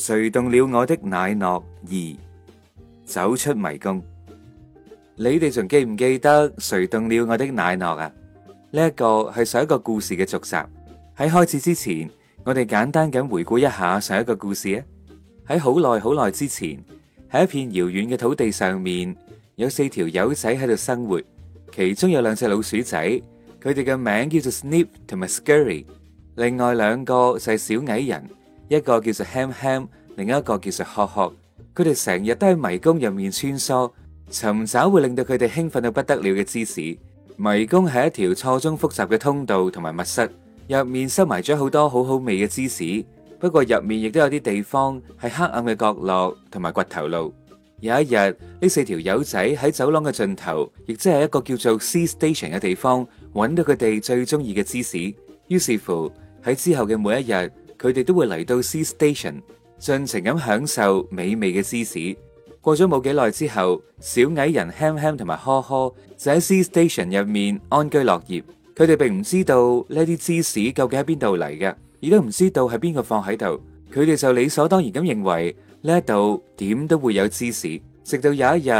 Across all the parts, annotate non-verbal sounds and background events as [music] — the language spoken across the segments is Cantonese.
誰動了我的奶酪二？走出迷宮，你哋仲記唔記得誰動了我的奶酪啊？呢一個係上一個故事嘅續集。喺開始之前，我哋簡單咁回顧一下上一個故事啊。喺好耐好耐之前，喺一片遙遠嘅土地上面，有四條友仔喺度生活，其中有兩隻老鼠仔，佢哋嘅名叫做 Snip 同埋 Scurry，另外兩個就係小矮人。一個叫做 Ham Ham，另一個叫做 Ho Ho。佢哋成日都喺迷宮入面穿梭，尋找會令到佢哋興奮到不得了嘅芝士。迷宮係一條錯綜複雜嘅通道同埋密室，入面收埋咗好多好好味嘅芝士。不過入面亦都有啲地方係黑暗嘅角落同埋掘頭路。有一日，呢四條友仔喺走廊嘅盡頭，亦即係一個叫做 C Station 嘅地方，搵到佢哋最中意嘅芝士。於是乎，喺之後嘅每一日。佢哋都會嚟到 Sea Station，盡情咁享受美味嘅芝士。過咗冇幾耐之後，小矮人 Ham Ham 同埋 Haw Haw 就喺 Sea Station 入面安居樂業。佢哋並唔知道呢啲芝士究竟喺邊度嚟嘅，亦都唔知道係邊個放喺度。佢哋就理所當然咁認為呢一度點都會有芝士。直到有一日，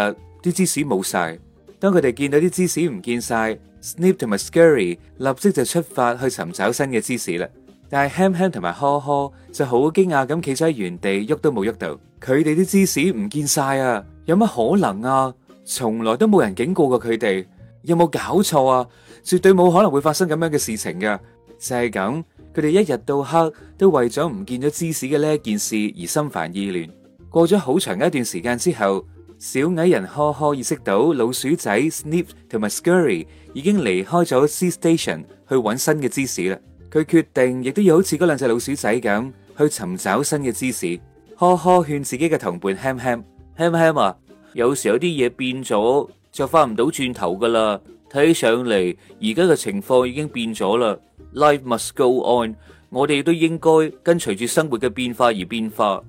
啲芝士冇晒，當佢哋見到啲芝士唔見晒，Snip 同埋 Scurry 立即就出發去尋找新嘅芝士啦。但係 Hem Hem 同埋呵呵就好驚訝咁企咗喺原地，喐都冇喐到。佢哋啲芝士唔見晒啊！有乜可能啊？從來都冇人警告過佢哋。有冇搞錯啊？絕對冇可能會發生咁樣嘅事情噶。就係咁，佢哋一日到黑都為咗唔見咗芝士嘅呢一件事而心煩意亂。過咗好長一段時間之後，小矮人呵呵意識到老鼠仔 Sniff 同埋 Scurry 已經離開咗 C Station 去揾新嘅芝士啦。佢決定亦都要好似嗰兩隻老鼠仔咁去尋找新嘅芝士。呵呵，勸自己嘅同伴：Ham Ham，Ham Ham, Ham 啊，有時有啲嘢變咗就翻唔到轉頭噶啦。睇起上嚟，而家嘅情況已經變咗啦。Life must go on，我哋都應該跟隨住生活嘅變化而變化。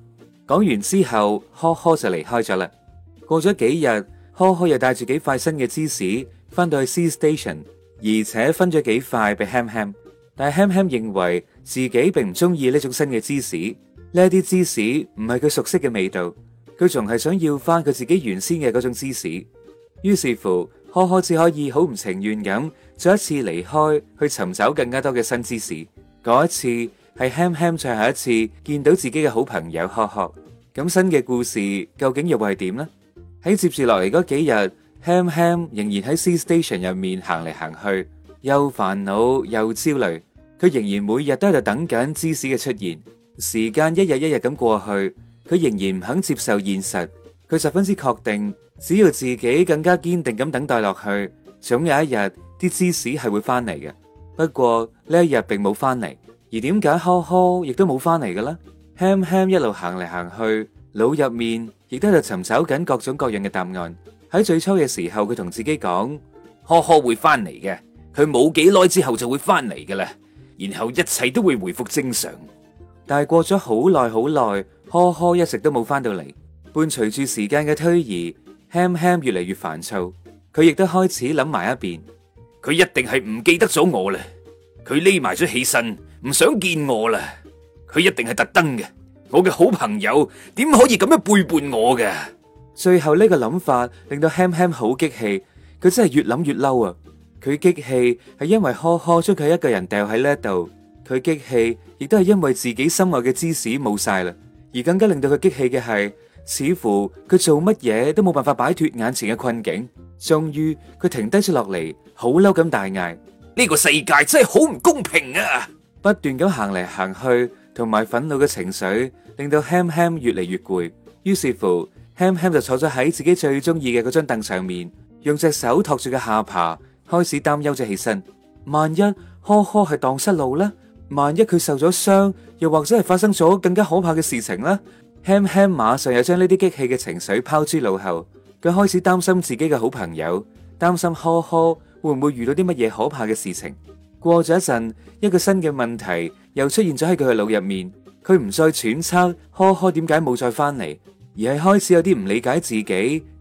講完之後，呵呵就離開咗啦。過咗幾日，呵呵又帶住幾塊新嘅芝士翻到去 C Station，而且分咗幾塊俾 Ham Ham。Ham, 但係 Ham Ham 認為自己並唔中意呢種新嘅芝士，呢啲芝士唔係佢熟悉嘅味道，佢仲係想要返佢自己原先嘅嗰種芝士。於是乎，可可只可以好唔情願咁再一次離開去尋找更加多嘅新芝士。嗰一次係 Ham Ham 最後一次見到自己嘅好朋友可可。咁新嘅故事究竟又會係點呢？喺接住落嚟嗰幾日，Ham Ham 仍然喺 C Station 入面行嚟行去，又煩惱又焦慮。佢仍然每日都喺度等緊芝士嘅出現，時間一日一日咁過去，佢仍然唔肯接受現實。佢十分之確定，只要自己更加堅定咁等待落去，總有一日啲芝士係會翻嚟嘅。不過呢一日並冇翻嚟，而點解呵呵亦都冇翻嚟嘅啦？哼哼一路行嚟行去，腦入面亦都喺度尋找緊各種各樣嘅答案。喺最初嘅時候，佢同自己講：呵呵會，會翻嚟嘅，佢冇幾耐之後就會翻嚟嘅啦。然後一切都會回復正常，但係過咗好耐好耐，呵呵一直都冇翻到嚟。伴隨住時間嘅推移，Ham Ham 越嚟越煩躁，佢亦都開始諗埋一邊，佢一定係唔記得咗我啦。佢匿埋咗起身，唔想見我啦。佢一定係特登嘅，我嘅好朋友，點可以咁樣背叛我嘅？最後呢個諗法令到 Ham Ham 好激氣，佢真係越諗越嬲啊！佢激氣係因為呵呵將佢一個人掉喺呢一度，佢激氣亦都係因為自己心愛嘅芝士冇晒啦，而更加令到佢激氣嘅係，似乎佢做乜嘢都冇辦法擺脱眼前嘅困境。終於佢停低咗落嚟，好嬲咁大嗌：呢個世界真係好唔公平啊！不斷咁行嚟行去，同埋憤怒嘅情緒令到 Ham Ham 越嚟越攰，於是乎 Ham Ham 就坐咗喺自己最中意嘅嗰張凳上面，用隻手托住個下巴。開始擔憂咗起身，萬一呵呵係蕩失路咧，萬一佢受咗傷，又或者係發生咗更加可怕嘅事情咧？輕輕 [music] 馬上又將呢啲激氣嘅情緒拋諸腦後，佢開始擔心自己嘅好朋友，擔心呵呵會唔會遇到啲乜嘢可怕嘅事情。過咗一陣，一個新嘅問題又出現咗喺佢嘅腦入面，佢唔再揣測呵呵點解冇再翻嚟，而係開始有啲唔理解自己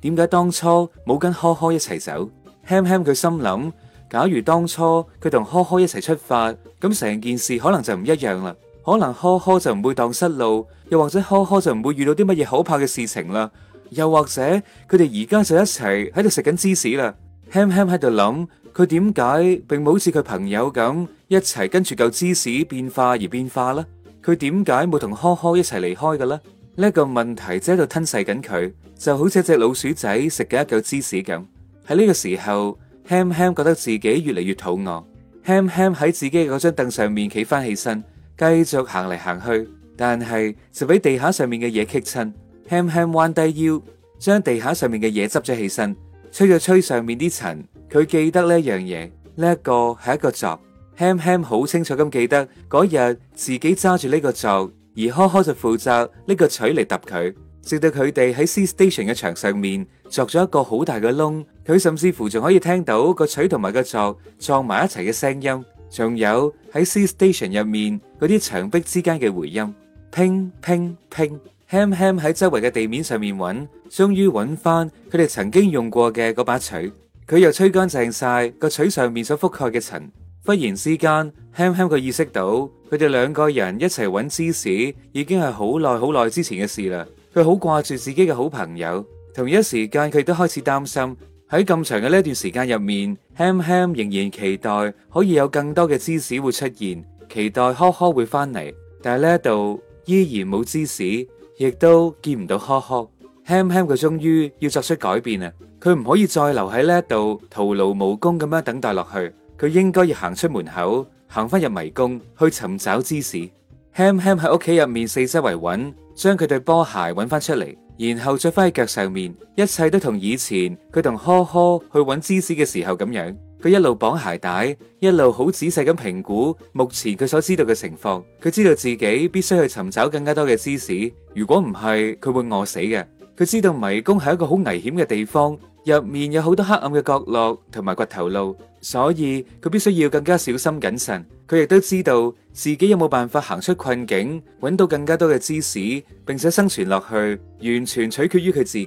點解當初冇跟呵呵一齊走。哼哼佢心諗，假如當初佢同呵呵一齊出發，咁成件事可能就唔一樣啦。可能呵呵就唔會蕩失路，又或者呵呵就唔會遇到啲乜嘢可怕嘅事情啦。又或者佢哋而家就一齊喺度食緊芝士啦。哼哼喺度諗，佢點解並冇似佢朋友咁一齊跟住嚿芝士變化而變化咧？佢點解冇同呵呵一齊離開嘅咧？呢個問題就喺度吞噬緊佢，就好似隻老鼠仔食緊一嚿芝士咁。喺呢個時候，Ham Ham 覺得自己越嚟越肚餓，Ham Ham 喺自己嗰張凳上面企翻起身，繼續行嚟行去，但係就俾地下上，上面嘅嘢棘親。Ham Ham 彎低腰，將地下上，上面嘅嘢執咗起身，吹咗吹上面啲塵。佢記得呢樣嘢，呢一個係一個鑿。Ham Ham 好清楚咁記得嗰日自己揸住呢個鑿，而 Co Co 就負責呢個鎚，嚟揼佢，直到佢哋喺 C Station 嘅牆上面鑿咗一個好大嘅窿，佢甚至乎仲可以聽到個錘同埋個鑿撞埋一齊嘅聲音。仲有喺 C Station 入面嗰啲牆壁之間嘅回音。拼拼拼，哼哼喺周圍嘅地面上面揾，終於揾翻佢哋曾經用過嘅嗰把錘。佢又吹乾淨晒個錘上面所覆蓋嘅塵。忽然之間，哼哼佢意識到佢哋兩個人一齊揾芝士已經係好耐好耐之前嘅事啦。佢好掛住自己嘅好朋友。同一時間，佢亦都開始擔心喺咁長嘅呢一段時間入面，Ham Ham 仍然期待可以有更多嘅芝士會出現，期待 Haw Haw 會翻嚟，但係呢一度依然冇芝士，亦都見唔到 Haw Haw。Ham Ham 佢終於要作出改變啦，佢唔可以再留喺呢一度徒勞無功咁樣等待落去，佢應該要行出門口，行翻入迷宮去尋找芝士。Ham Ham 喺屋企入面四周圍揾，將佢對波鞋揾翻出嚟。然後著翻喺腳上面，一切都同以前佢同呵呵去揾芝士嘅時候咁樣。佢一路綁鞋帶，一路好仔細咁評估目前佢所知道嘅情況。佢知道自己必須去尋找更加多嘅芝士，如果唔係，佢會餓死嘅。佢知道迷宮係一個好危險嘅地方。入面有好多黑暗嘅角落同埋骨頭路，所以佢必須要更加小心謹慎。佢亦都知道自己有冇辦法行出困境，搵到更加多嘅芝士，並且生存落去，完全取決於佢自己。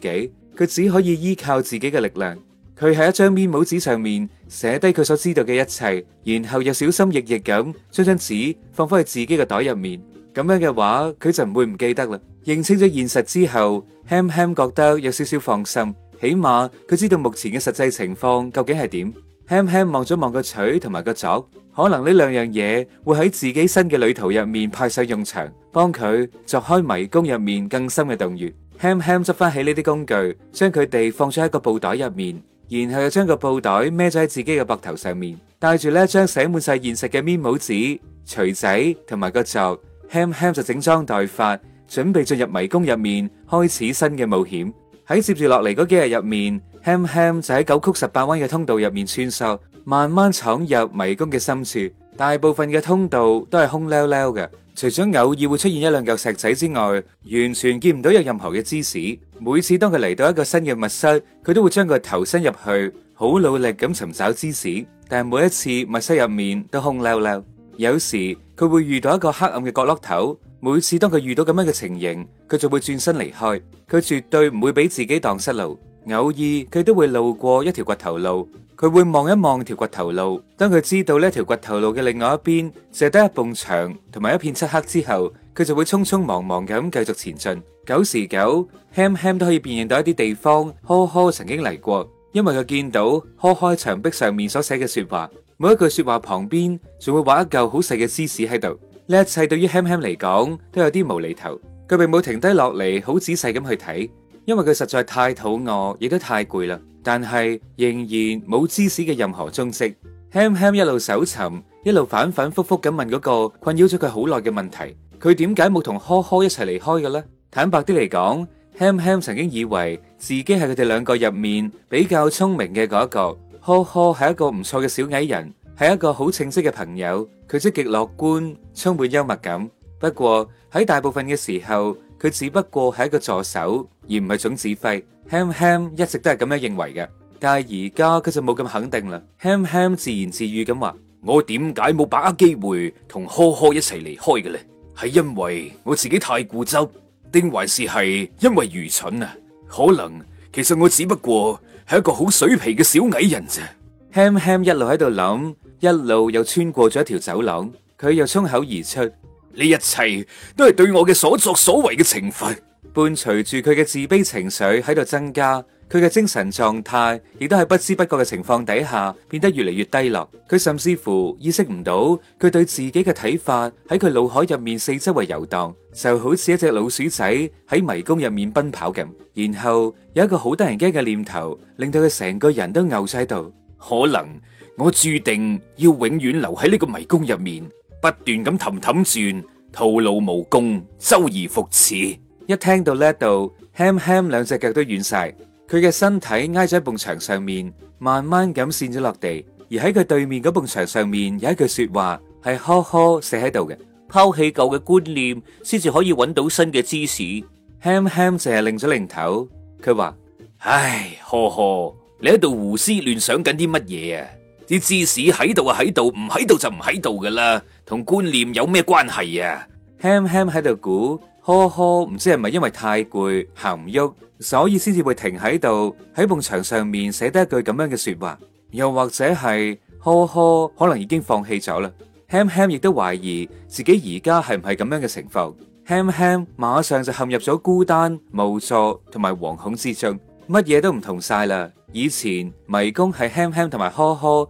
佢只可以依靠自己嘅力量。佢喺一張 memo 紙上面寫低佢所知道嘅一切，然後又小心翼翼咁將張紙放翻去自己嘅袋入面。咁樣嘅話，佢就唔會唔記得啦。認清咗現實之後，Hem [music] Hem 覺得有少少放心。起碼佢知道目前嘅實際情況究竟係點。哼哼望咗望個錘同埋個鑿，可能呢兩樣嘢會喺自己新嘅旅途入面派上用場，幫佢鑿開迷宮入面更深嘅洞穴。哼哼執翻起呢啲工具，將佢哋放咗喺個布袋入面，然後又將個布袋孭咗喺自己嘅膊頭上面，帶住呢張寫滿晒現實嘅 memo 紙、錘仔同埋個鑿，哼哼就整裝待發，準備進入迷宮入面開始新嘅冒險。喺接住落嚟嗰幾日入面，ham ham 就喺九曲十八彎嘅通道入面穿梭，慢慢闖入迷宮嘅深處。大部分嘅通道都係空溜溜嘅，除咗偶爾會出現一兩嚿石仔之外，完全見唔到有任何嘅芝士。每次當佢嚟到一個新嘅密室，佢都會將個頭伸入去，好努力咁尋找芝士。但係每一次密室入面都空溜溜，有時佢會遇到一個黑暗嘅角落頭。每次當佢遇到咁樣嘅情形，佢就會轉身離開。佢絕對唔會俾自己蕩失路。偶爾佢都會路過一條骨頭路，佢會望一望一條骨頭路。當佢知道呢條骨頭路嘅另外一邊淨係得一埲牆同埋一片漆黑之後，佢就會匆匆忙忙咁繼續前進。久時久，輕輕 [laughs] 都可以辨認到一啲地方，呵呵，曾經嚟過，因為佢見到呵呵牆壁上面所寫嘅說話，每一句說話旁邊仲會畫一嚿好細嘅芝士喺度。呢一切對於 Ham Ham 嚟講都有啲無厘頭，佢並冇停低落嚟好仔細咁去睇，因為佢實在太肚餓，亦都太攰啦。但係仍然冇芝士嘅任何蹤跡。Ham Ham 一路搜尋，一路反反复复咁問嗰個困擾咗佢好耐嘅問題：佢點解冇同呵呵一齊離開嘅呢？坦白啲嚟講，Ham Ham 曾經以為自己係佢哋兩個入面比較聰明嘅嗰一個，呵呵係一個唔錯嘅小矮人。係一個好稱職嘅朋友，佢積極樂觀，充滿幽默感。不過喺大部分嘅時候，佢只不過係一個助手，而唔係總指揮。Ham Ham 一直都係咁樣認為嘅，但係而家佢就冇咁肯定啦。Ham Ham 自言自語咁話：我點解冇把握機會同呵呵一齊離開嘅咧？係因為我自己太固執，定還是係因為愚蠢啊？可能其實我只不過係一個好水皮嘅小矮人啫。Ham Ham 一路喺度諗。一路又穿過咗一條走廊，佢又衝口而出：呢一切都係對我嘅所作所為嘅懲罰。伴隨住佢嘅自卑情緒喺度增加，佢嘅精神狀態亦都喺不知不覺嘅情況底下變得越嚟越低落。佢甚至乎意識唔到佢對自己嘅睇法喺佢腦海入面四周圍游蕩，就好似一隻老鼠仔喺迷宮入面奔跑咁。然後有一個好得人驚嘅念頭，令到佢成個人都牛晒喺度，可能我注定要永遠留喺呢個迷宮入面，不斷咁氹氹轉，徒勞無功，周而復始。一聽到呢度，Ham Ham 兩隻腳都軟晒，佢嘅身體挨咗喺埲牆上面，慢慢咁扇咗落地。而喺佢對面嗰埲牆上面，有一句說話係呵呵寫喺度嘅。拋棄舊嘅觀念，先至可以揾到新嘅芝士。Ham Ham 淨係擰咗擰頭，佢話，唉，呵呵，你喺度胡思亂想緊啲乜嘢啊？啲芝士喺度啊，喺度，唔喺度就唔喺度噶啦，同觀念有咩關係啊？Ham Ham 喺度估，呵呵，唔知係咪因為太攰行唔喐，所以先至會停喺度，喺埲牆上面寫得一句咁樣嘅說話，又或者係呵呵，可能已經放棄咗啦。Ham Ham 亦都懷疑自己而家係唔係咁樣嘅情況，Ham Ham 馬上就陷入咗孤單無助同埋惶恐之中，乜嘢都唔同晒啦。以前迷宮係 Ham Ham 同埋呵呵。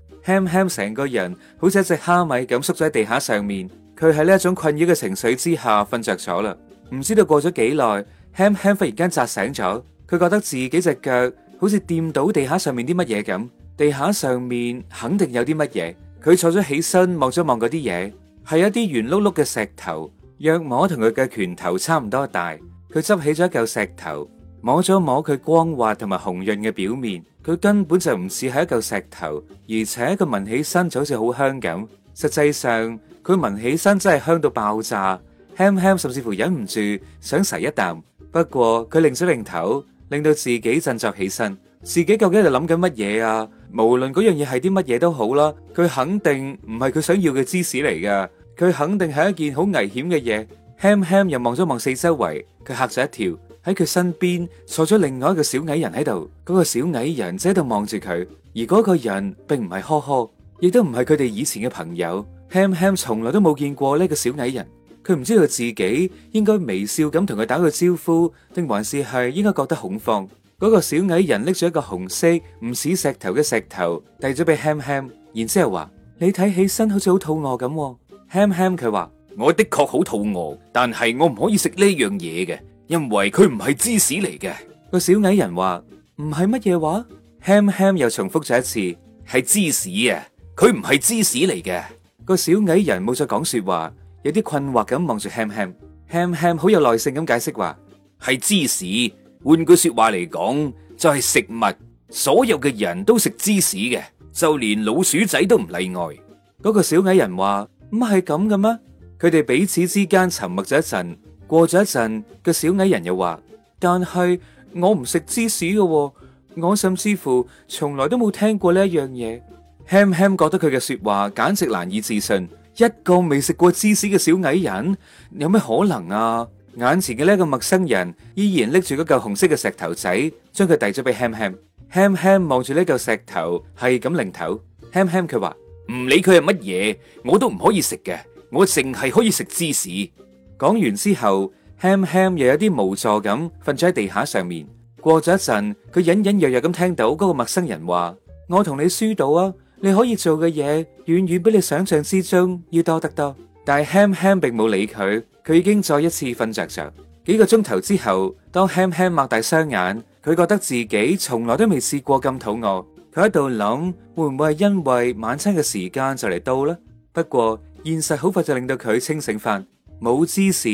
Ham Ham 成個人好似一隻蝦米咁縮咗喺地下上面，佢喺呢一種困擾嘅情緒之下瞓着咗啦。唔知道過咗幾耐，Ham Ham 忽然間扎醒咗，佢覺得自己隻腳好似掂到地下上面啲乜嘢咁，地下上,上面肯定有啲乜嘢。佢坐咗起身，望咗望嗰啲嘢，係一啲圓碌碌嘅石頭，約摸同佢嘅拳頭差唔多大。佢執起咗一嚿石頭，摸咗摸佢光滑同埋紅潤嘅表面。佢根本就唔似係一嚿石頭，而且佢聞起身就好似好香咁。實際上佢聞起身真係香到爆炸，Ham Ham 甚至乎忍唔住想噬一啖。不過佢擰咗擰頭，令到自己振作起身。自己究竟喺度諗緊乜嘢啊？無論嗰樣嘢係啲乜嘢都好啦，佢肯定唔係佢想要嘅芝士嚟㗎。佢肯定係一件好危險嘅嘢。Ham Ham 又望咗望四周圍，佢吓咗一跳。喺佢身邊坐咗另外一個小矮人喺度，嗰個小矮人喺度望住佢，而嗰個人並唔係呵呵，亦都唔係佢哋以前嘅朋友。Ham Ham 從來都冇見過呢個小矮人，佢唔知道自己應該微笑咁同佢打個招呼，定還是係應該覺得恐慌。嗰個小矮人拎咗一個紅色唔似石頭嘅石頭遞咗俾 Ham Ham，然之後話：你睇起身好似好肚餓咁喎。Ham Ham 佢話：我的確好肚餓，但係我唔可以食呢樣嘢嘅。因為佢唔係芝士嚟嘅，個小矮人話唔係乜嘢話，Ham Ham 又重複咗一次，係芝士啊！佢唔係芝士嚟嘅，個小矮人冇再講說話，有啲困惑咁望住 Ham Ham，Ham Ham 好有耐性咁解釋話係芝士，換句說話嚟講就係食物，所有嘅人都食芝士嘅，就連老鼠仔都唔例外。嗰個小矮人話唔係咁嘅咩？佢哋彼此之間沉默咗一陣。過咗一陣，個小矮人又話：但係我唔食芝士嘅喎，我甚至乎從來都冇聽過呢一樣嘢。Ham Ham 覺得佢嘅說話簡直難以置信，一個未食過芝士嘅小矮人，有咩可能啊？眼前嘅呢個陌生人依然拎住嗰嚿紅色嘅石頭仔，將佢遞咗俾 Ham Ham。Ham Ham 望住呢嚿石頭，係咁擰頭。Ham Ham 佢話：唔理佢係乜嘢，我都唔可以食嘅，我淨係可以食芝士。講完之後，Ham Ham 又有啲無助咁瞓咗喺地下上面。過咗一陣，佢隱隱約約咁聽到嗰個陌生人話：「我同你輸到啊，你可以做嘅嘢遠遠比你想象之中要多得多。」但係 Ham Ham 並冇理佢，佢已經再一次瞓着着。幾個鐘頭之後，當 Ham Ham 擘大雙眼，佢覺得自己從來都未試過咁肚餓。佢喺度諗：「會唔會係因為晚餐嘅時間就嚟到呢？」不過現實好快就令到佢清醒翻。冇芝士，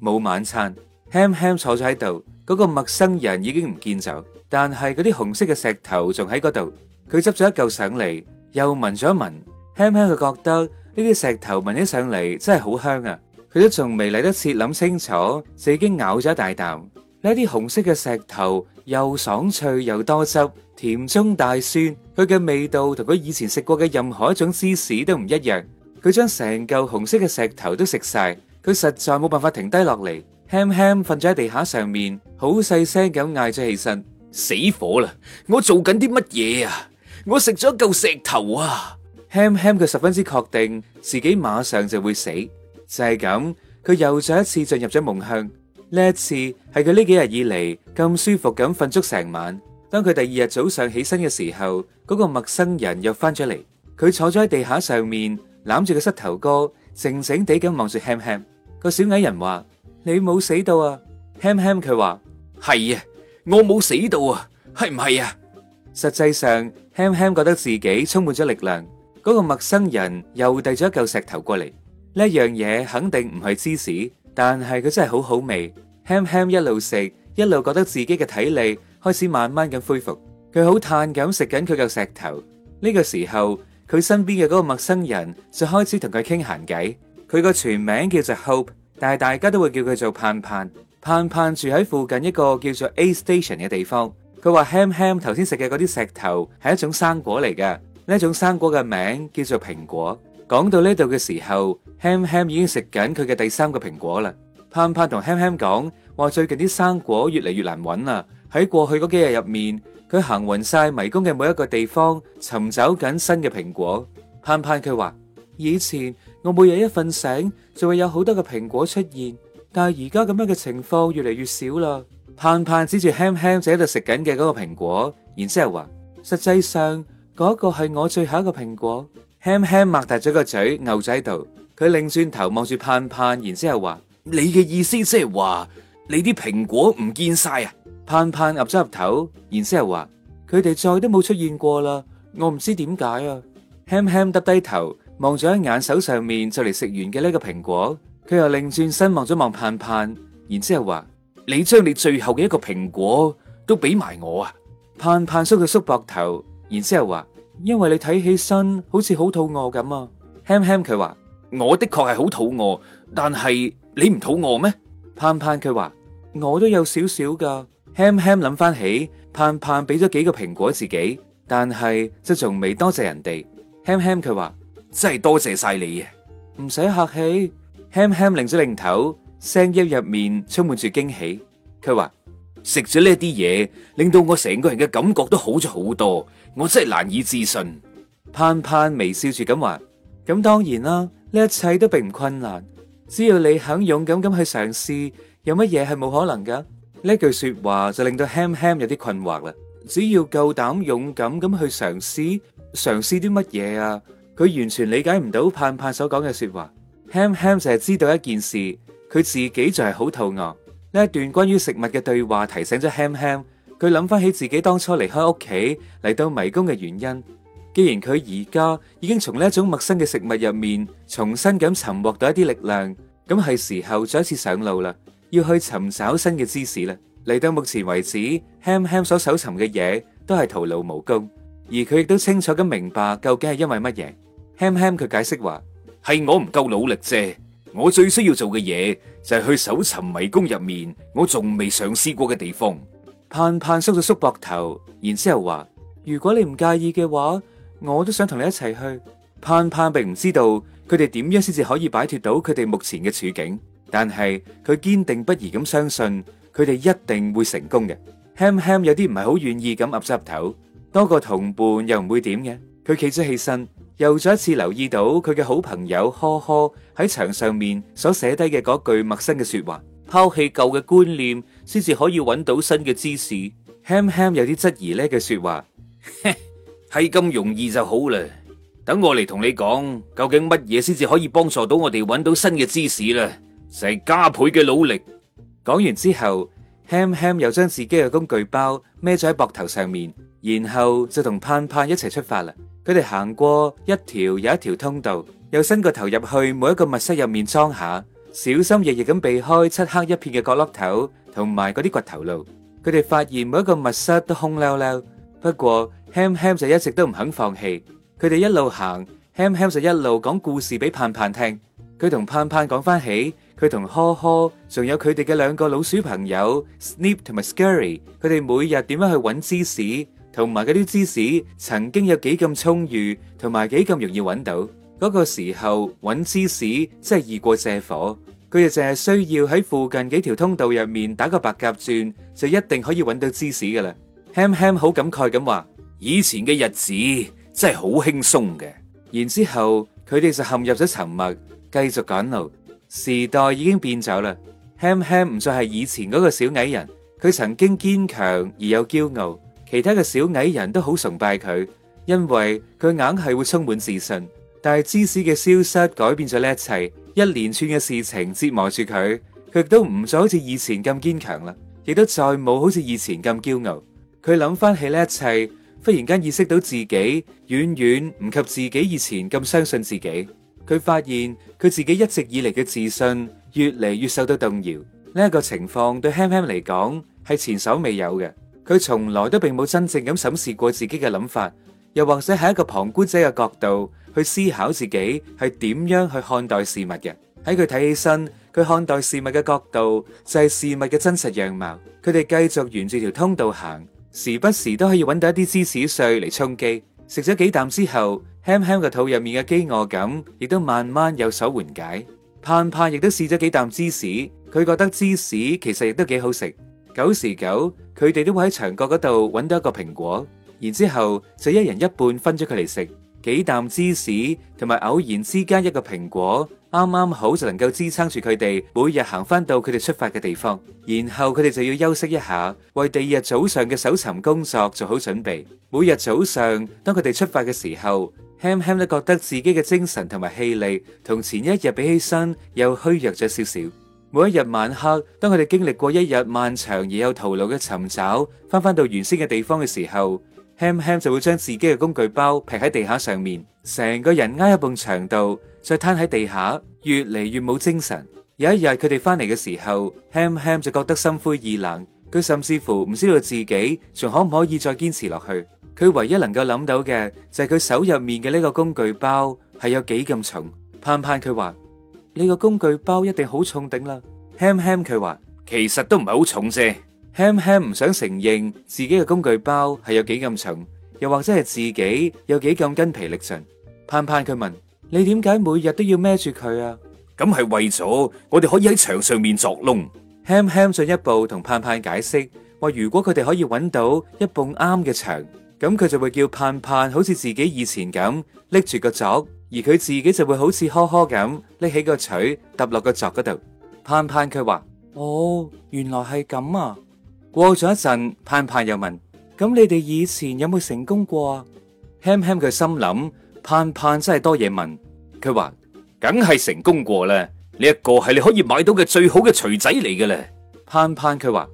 冇晚餐，哼哼坐咗喺度，嗰個陌生人已經唔見咗，但係嗰啲紅色嘅石頭仲喺嗰度。佢執咗一嚿上嚟，又聞咗一聞，哼哼佢覺得呢啲石頭聞起上嚟真係好香啊！佢都仲未嚟得切諗清楚，就已經咬咗一大啖。呢啲紅色嘅石頭又爽脆又多汁，甜中帶酸，佢嘅味道同佢以前食過嘅任何一種芝士都唔一樣。佢將成嚿紅色嘅石頭都食晒。佢實在冇辦法停低落嚟，輕輕瞓咗喺地下上面，好細聲咁嗌咗起身：死火啦！我做緊啲乜嘢啊？我食咗嚿石頭啊！輕輕佢十分之確定自己馬上就會死，就係咁，佢又再一次進入咗夢鄉。呢一次係佢呢幾日以嚟咁舒服咁瞓足成晚。當佢第二日早上起身嘅時候，嗰個陌生人又翻咗嚟，佢坐咗喺地下上面攬住個膝頭哥。靜靜地咁望住 Ham Ham，個小矮人話：你冇死到啊！Ham Ham 佢話：係啊，我冇死到啊，係唔係啊？實際上，Ham Ham 覺得自己充滿咗力量。嗰個陌生人又遞咗一嚿石頭過嚟，呢樣嘢肯定唔係芝士，但係佢真係好好味。Ham Ham 一路食，一路覺得自己嘅體力開始慢慢咁恢復。佢好嘆咁食緊佢嚿石頭。呢個時候。佢身邊嘅嗰個陌生人就開始同佢傾閒偈。佢個全名叫做 Hope，但係大家都會叫佢做盼盼。盼盼住喺附近一個叫做 A Station 嘅地方。佢話：Ham Ham 頭先食嘅嗰啲石頭係一種生果嚟嘅，呢一種生果嘅名叫做蘋果。講到呢度嘅時候，Ham Ham 已經食緊佢嘅第三個蘋果啦。盼盼同 Ham Ham 講話最近啲生果越嚟越難揾啦，啊。喺過去嗰幾日入面，佢行勻晒迷宮嘅每一個地方，尋找緊新嘅蘋果。盼盼佢話：以前我每日一瞓醒就會有好多嘅蘋果出現，但係而家咁樣嘅情況越嚟越少啦。盼盼指住，輕輕仔喺度食緊嘅嗰個蘋果，然之後話：實際上嗰個係我最後一個蘋果。輕輕擘大咗個嘴，牛仔度佢擰轉頭望住盼盼，然之後話：你嘅意思即係話你啲蘋果唔見晒啊？盼盼岌咗岌頭，然之後話：佢哋再都冇出現過啦，我唔知點解啊。Ham Ham 耷低頭望咗一眼手上面就嚟食完嘅呢個蘋果，佢又擰轉身望咗望盼盼，然之後話：你將你最後嘅一個蘋果都俾埋我啊！盼盼縮佢縮膊頭，然之後話：因為你睇起身好似好肚餓咁啊。Ham Ham 佢話：我的確係好肚餓，但係你唔肚餓咩？盼盼佢話：我都有少少噶。哼哼諗翻起，盼盼俾咗幾個蘋果自己，但係就仲未多謝人哋。哼哼佢話：真係多謝晒你啊！唔使客氣。哼哼擰咗擰頭，聲音入面充滿住驚喜。佢話：食咗呢啲嘢，令到我成個人嘅感覺都好咗好多。我真係難以置信。盼盼微笑住咁話：咁當然啦，呢一切都並唔困難，只要你肯勇敢咁去嘗試，有乜嘢係冇可能噶？呢句說話就令到 Ham Ham 有啲困惑啦。只要夠膽勇敢咁去嘗試，嘗試啲乜嘢啊？佢完全理解唔到盼盼所講嘅說話。Ham Ham 就係知道一件事，佢自己就係好肚餓。呢一段關於食物嘅對話提醒咗 Ham Ham，佢諗翻起自己當初離開屋企嚟到迷宮嘅原因。既然佢而家已經從呢一種陌生嘅食物入面重新咁尋獲到一啲力量，咁係時候再一次上路啦。要去尋找新嘅芝士啦！嚟到目前為止，Ham Ham 所搜尋嘅嘢都係徒勞無功，而佢亦都清楚咁明白究竟係因為乜嘢。Ham Ham 佢解釋話：係我唔夠努力啫，我最需要做嘅嘢就係去搜尋迷宮入面我仲未嘗試過嘅地方。盼盼縮咗縮膊頭，然之後話：如果你唔介意嘅話，我都想同你一齊去。盼盼並唔知道佢哋點樣先至可以擺脫到佢哋目前嘅處境。但係佢堅定不移咁相信，佢哋一定會成功嘅。Ham Ham 有啲唔係好願意咁岌手岌頭，多個同伴又唔會點嘅。佢企咗起身，又再一次留意到佢嘅好朋友呵呵喺牆上面所寫低嘅嗰句陌生嘅說話：拋棄舊嘅觀念，先至可以揾到新嘅芝士。Ham Ham 有啲質疑呢句說話，係咁容易就好啦。等我嚟同你講，究竟乜嘢先至可以幫助到我哋揾到新嘅芝士啦？成加倍嘅努力。講完之後，Ham Ham 又將自己嘅工具包孭咗喺膊頭上面，然後就同盼盼一齊出發啦。佢哋行過一條又一條通道，又伸個頭入去每一個密室入面裝下，小心翼翼咁避開漆黑一片嘅角落頭，同埋嗰啲掘頭路。佢哋發現每一個密室都空溜溜，不過 Ham Ham 就一直都唔肯放棄。佢哋一路行，Ham Ham 就一路講故事俾盼盼聽。佢同盼盼講翻起。佢同呵呵，仲有佢哋嘅兩個老鼠朋友 Snip 同埋 Scary，佢哋每日點樣去搵芝士，同埋嗰啲芝士曾經有幾咁充裕，同埋幾咁容易搵到。嗰個時候搵芝士真係易過借火，佢哋淨係需要喺附近幾條通道入面打個白鴿轉，就一定可以搵到芝士噶啦。Ham Ham 好感慨咁話：以前嘅日子真係好輕鬆嘅。然之後佢哋就陷入咗沉默，繼續趕路。時代已經變咗啦，Ham Ham 唔再係以前嗰個小矮人，佢曾經堅強而又驕傲，其他嘅小矮人都好崇拜佢，因為佢硬係會充滿自信。但係芝士嘅消失改變咗呢一切，一連串嘅事情折磨住佢，佢都唔再好似以前咁堅強啦，亦都再冇好似以前咁驕傲。佢諗翻起呢一切，忽然間意識到自己遠遠唔及自己以前咁相信自己。佢發現佢自己一直以嚟嘅自信越嚟越受到動搖，呢、這、一個情況對 Ham Ham 嚟講係前所未有嘅。佢從來都並冇真正咁審視過自己嘅諗法，又或者喺一個旁觀者嘅角度去思考自己係點樣去看待事物嘅。喺佢睇起身，佢看待事物嘅角度就係事物嘅真實樣貌。佢哋繼續沿住條通道行，時不時都可以揾到一啲芝士碎嚟充飢。食咗幾啖之後，輕輕嘅肚入面嘅飢餓感亦都慢慢有所緩解。盼盼亦都試咗幾啖芝士，佢覺得芝士其實亦都幾好食。久時久，佢哋都會喺牆角嗰度揾到一個蘋果，然之後就一人一半分咗佢嚟食。幾啖芝士同埋偶然之間一個蘋果，啱啱好就能夠支撐住佢哋每日行翻到佢哋出發嘅地方。然後佢哋就要休息一下，為第二日早上嘅搜尋工作做好準備。每日早上，當佢哋出發嘅時候，輕輕 [noise] 都覺得自己嘅精神同埋氣力同前一日比起身又虛弱咗少少。每一日晚黑，當佢哋經歷過一日漫長而有徒勞嘅尋找，翻返到原先嘅地方嘅時候。Ham Ham 就會將自己嘅工具包劈喺地下上面，成個人挨一埲牆度，再攤喺地下，越嚟越冇精神。有一日佢哋翻嚟嘅時候，Ham Ham 就覺得心灰意冷，佢甚至乎唔知道自己仲可唔可以再堅持落去。佢唯一能夠諗到嘅就係佢手入面嘅呢個工具包係有幾咁重。盼盼佢話：呢個工具包一定好重頂啦。Ham Ham 佢話：其實都唔係好重啫。哼哼唔想承認自己嘅工具包係有幾咁重，又或者係自己有幾咁筋疲力盡。盼盼佢問：你點解每日都要孭住佢啊？咁係為咗我哋可以喺牆上面鑿窿。哼哼進一步同盼盼解釋：話如果佢哋可以揾到一埲啱嘅牆，咁佢就會叫盼盼好似自己以前咁拎住個鑿，而佢自己就會好似呵呵咁拎起個錘揼落個鑿嗰度。盼盼佢話：哦，原來係咁啊！過咗一陣，盼盼又問：咁你哋以前有冇成功過啊？Ham Ham 佢心諗，盼盼真係多嘢問。佢話：梗係成功過啦，呢一個係你可以買到嘅最好嘅錘仔嚟嘅啦。盼盼佢話：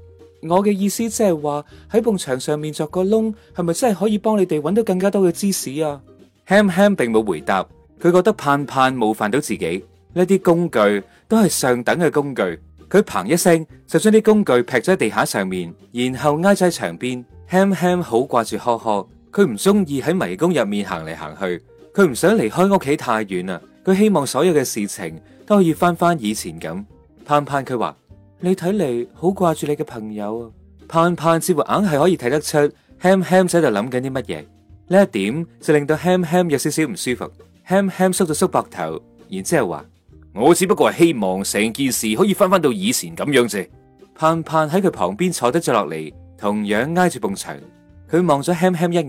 我嘅意思即係話，喺埲牆上面作個窿，係咪真係可以幫你哋搵到更加多嘅芝士啊？Ham Ham 並冇回答，佢覺得盼盼冒犯到自己，呢啲工具都係上等嘅工具。佢砰一聲就將啲工具劈咗喺地下上面，然後挨咗喺牆邊，「Ham Ham 好掛住呵呵。」佢唔中意喺迷宮入面行嚟行去，佢唔想離開屋企太遠啊！佢希望所有嘅事情都可以翻翻以前咁。盼盼佢話：你睇嚟好掛住你嘅朋友啊！盼盼似乎硬係可以睇得出 Ham Ham 喺度諗緊啲乜嘢，呢一點就令到 Ham Ham 有少少唔舒服。Ham Ham 縮咗縮膊頭，然之後話。我只不過係希望成件事可以翻翻到以前咁樣啫。盼盼喺佢旁邊坐得咗落嚟，同樣挨住埲牆。佢望咗 Ham Ham 一眼，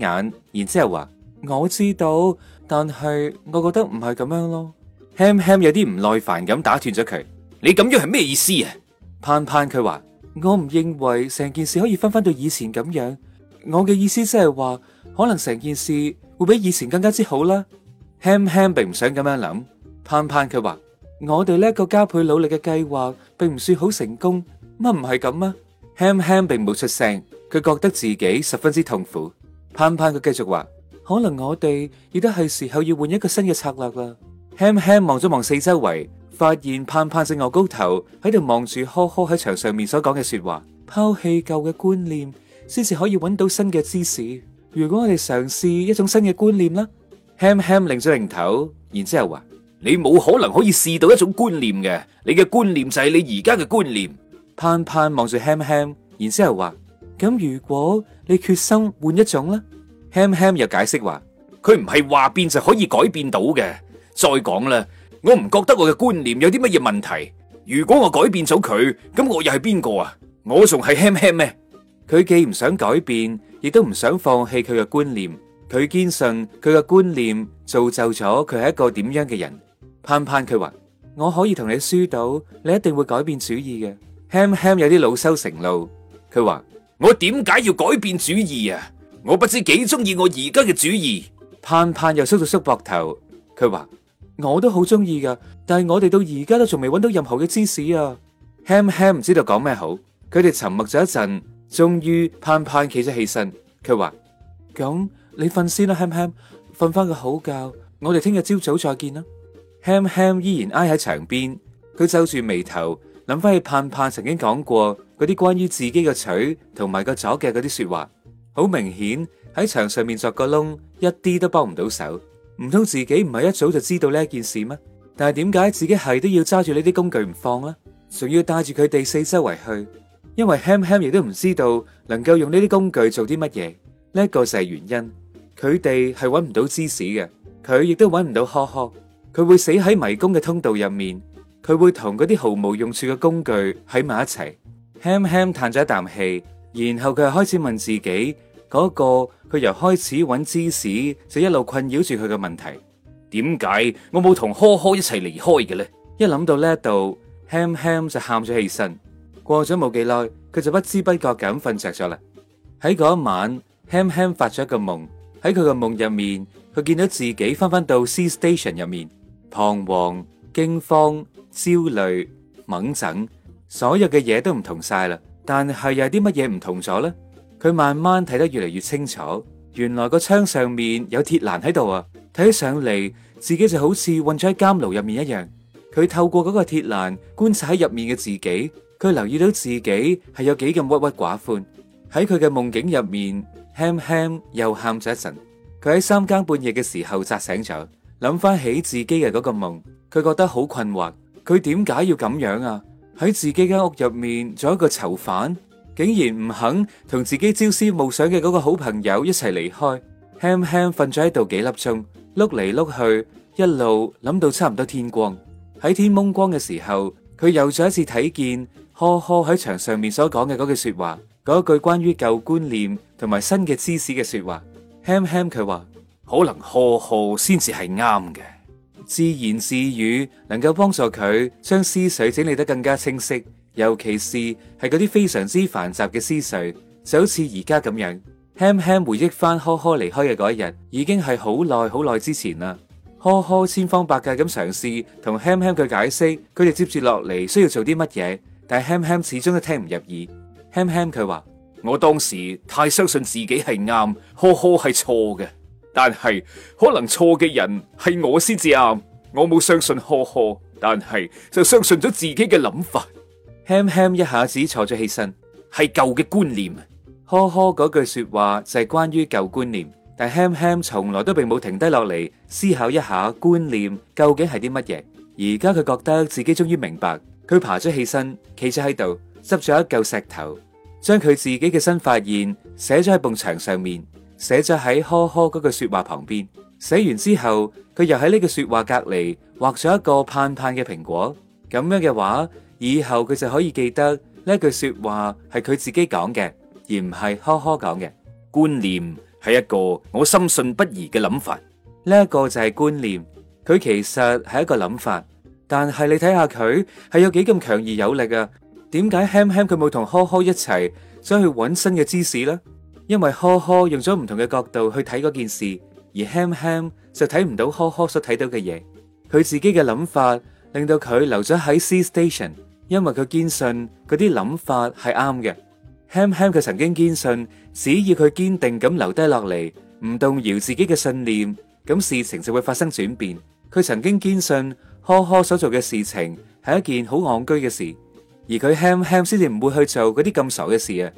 然之後話，我知道，但係我覺得唔係咁樣咯。Ham Ham 有啲唔耐煩咁打斷咗佢，你咁樣係咩意思啊？盼盼佢話，我唔認為成件事可以翻翻到以前咁樣。我嘅意思即係話可能成件事會比以前更加之好啦。Ham Ham 並唔想咁樣諗。盼盼佢話。我哋呢一個加倍努力嘅計劃並唔算好成功，乜唔係咁啊？Ham Ham 並冇出聲，佢覺得自己十分之痛苦。盼盼佢繼續話：可能我哋亦都係時候要換一個新嘅策略啦。Ham Ham 望咗望四周圍，發現盼盼正昂高頭喺度望住呵呵喺牆上面所講嘅說話，拋棄舊嘅觀念，先至可以揾到新嘅芝士。如果我哋嘗試一種新嘅觀念啦，Ham Ham 擰咗擰頭，然之後話。你冇可能可以試到一種觀念嘅，你嘅觀念就係你而家嘅觀念。盼盼望住 Ham Ham，然之後話：咁如果你決心換一種咧，Ham Ham 又解釋話：佢唔係話變就可以改變到嘅。再講啦，我唔覺得我嘅觀念有啲乜嘢問題。如果我改變咗佢，咁我又係邊個啊？我仲係 Ham Ham 咩？佢既唔想改變，亦都唔想放棄佢嘅觀念。佢堅信佢嘅觀念造就咗佢係一個點樣嘅人。盼盼佢話我可以同你輸賭，你一定會改變主意嘅。Ham Ham 有啲老羞成怒，佢話我點解要改變主意啊？我不知幾中意我而家嘅主意。盼盼又縮咗縮膊頭，佢話我都好中意噶，但係我哋到而家都仲未揾到任何嘅芝士啊。Ham Ham 唔知道講咩好，佢哋沉默咗一陣，終於盼盼企咗起身，佢話咁你瞓先啦，Ham Ham 瞓翻個好覺，我哋聽日朝早再見啦。Ham Ham 依然挨喺牆邊，佢皺住眉頭諗翻起盼盼曾經講過嗰啲關於自己個嘴，同埋個左腳嗰啲說話，好明顯喺牆上面鑿個窿，一啲都幫唔到手。唔通自己唔係一早就知道呢一件事咩？但係點解自己係都要揸住呢啲工具唔放啦？仲要帶住佢哋四周圍去，因為 Ham Ham 亦都唔知道能夠用呢啲工具做啲乜嘢，呢一個就係原因。佢哋係揾唔到芝士嘅，佢亦都揾唔到呵呵。佢會死喺迷宮嘅通道入面，佢會同嗰啲毫無用處嘅工具喺埋一齊。Ham Ham 嘆咗一啖氣，然後佢又開始問自己嗰個佢由開始揾芝士就一路困擾住佢嘅問題，點解我冇同呵呵一齊離開嘅咧？一諗到呢一度，Ham Ham 就喊咗起身。過咗冇幾耐，佢就不知不覺咁瞓着咗啦。喺嗰一晚，Ham Ham 發咗一個夢，喺佢嘅夢入面，佢見到自己翻返到 C Station 入面。彷徨、驚慌、焦慮、猛疹，所有嘅嘢都唔同晒啦。但係有啲乜嘢唔同咗呢？佢慢慢睇得越嚟越清楚，原來個窗上面有鐵欄喺度啊！睇起上嚟，自己就好似困咗喺監牢入面一樣。佢透過嗰個鐵欄觀察喺入面嘅自己，佢留意到自己係有幾咁鬱鬱寡歡。喺佢嘅夢境入面，輕輕又喊咗一陣。佢喺三更半夜嘅時候扎醒咗。諗翻起自己嘅嗰個夢，佢覺得好困惑。佢點解要咁樣啊？喺自己間屋入面做一個囚犯，竟然唔肯同自己朝思暮想嘅嗰個好朋友一齊離開。哼哼瞓咗喺度幾粒鐘，碌嚟碌去，一路諗到差唔多天光。喺天蒙光嘅時候，佢又再一次睇見呵呵喺牆上面所講嘅嗰句說話，嗰句關於舊觀念同埋新嘅知識嘅說話。哼哼佢話。可能呵呵先至係啱嘅，自言自語能夠幫助佢將思緒整理得更加清晰，尤其是係嗰啲非常之繁雜嘅思緒，就好似而家咁樣。Ham Ham 回憶翻呵呵離開嘅嗰一日，已經係好耐好耐之前啦。呵呵千方百計咁嘗試同 Ham Ham 佢解釋，佢哋接住落嚟需要做啲乜嘢，但係 Ham Ham 始終都聽唔入耳。Ham Ham 佢話：我當時太相信自己係啱，呵呵係錯嘅。但係可能錯嘅人係我先至啱，我冇相信呵呵，但係就相信咗自己嘅諗法。 [noise] Ham, Ham 一下子坐咗起身，係舊嘅觀念。呵呵，嗰句說話就係關於舊觀念，但係 Ham Ham 從來都並冇停低落嚟思考一下觀念究竟係啲乜嘢。而家佢覺得自己終於明白，佢爬咗起身，企咗喺度，執咗一嚿石頭，將佢自己嘅新發現寫咗喺埲牆上面。寫咗喺呵呵嗰句說話旁邊，寫完之後佢又喺呢句說話隔籬畫咗一個盼盼嘅蘋果，咁樣嘅話以後佢就可以記得呢句說話係佢自己講嘅，而唔係呵呵講嘅。觀念係一個我深信不疑嘅諗法，呢一個就係觀念，佢其實係一個諗法，但係你睇下佢係有幾咁強而有力啊？點解輕輕佢冇同呵呵一齊想去揾新嘅芝士呢？因為呵呵用咗唔同嘅角度去睇嗰件事，而 Ham Ham 就睇唔到呵呵所睇到嘅嘢。佢自己嘅諗法令到佢留咗喺 C Station，因為佢堅信嗰啲諗法係啱嘅。Ham Ham 佢曾經堅信，只要佢堅定咁留低落嚟，唔動搖自己嘅信念，咁事情就會發生轉變。佢曾經堅信呵呵所做嘅事情係一件好戇居嘅事，而佢 Ham Ham 先至唔會去做嗰啲咁傻嘅事啊。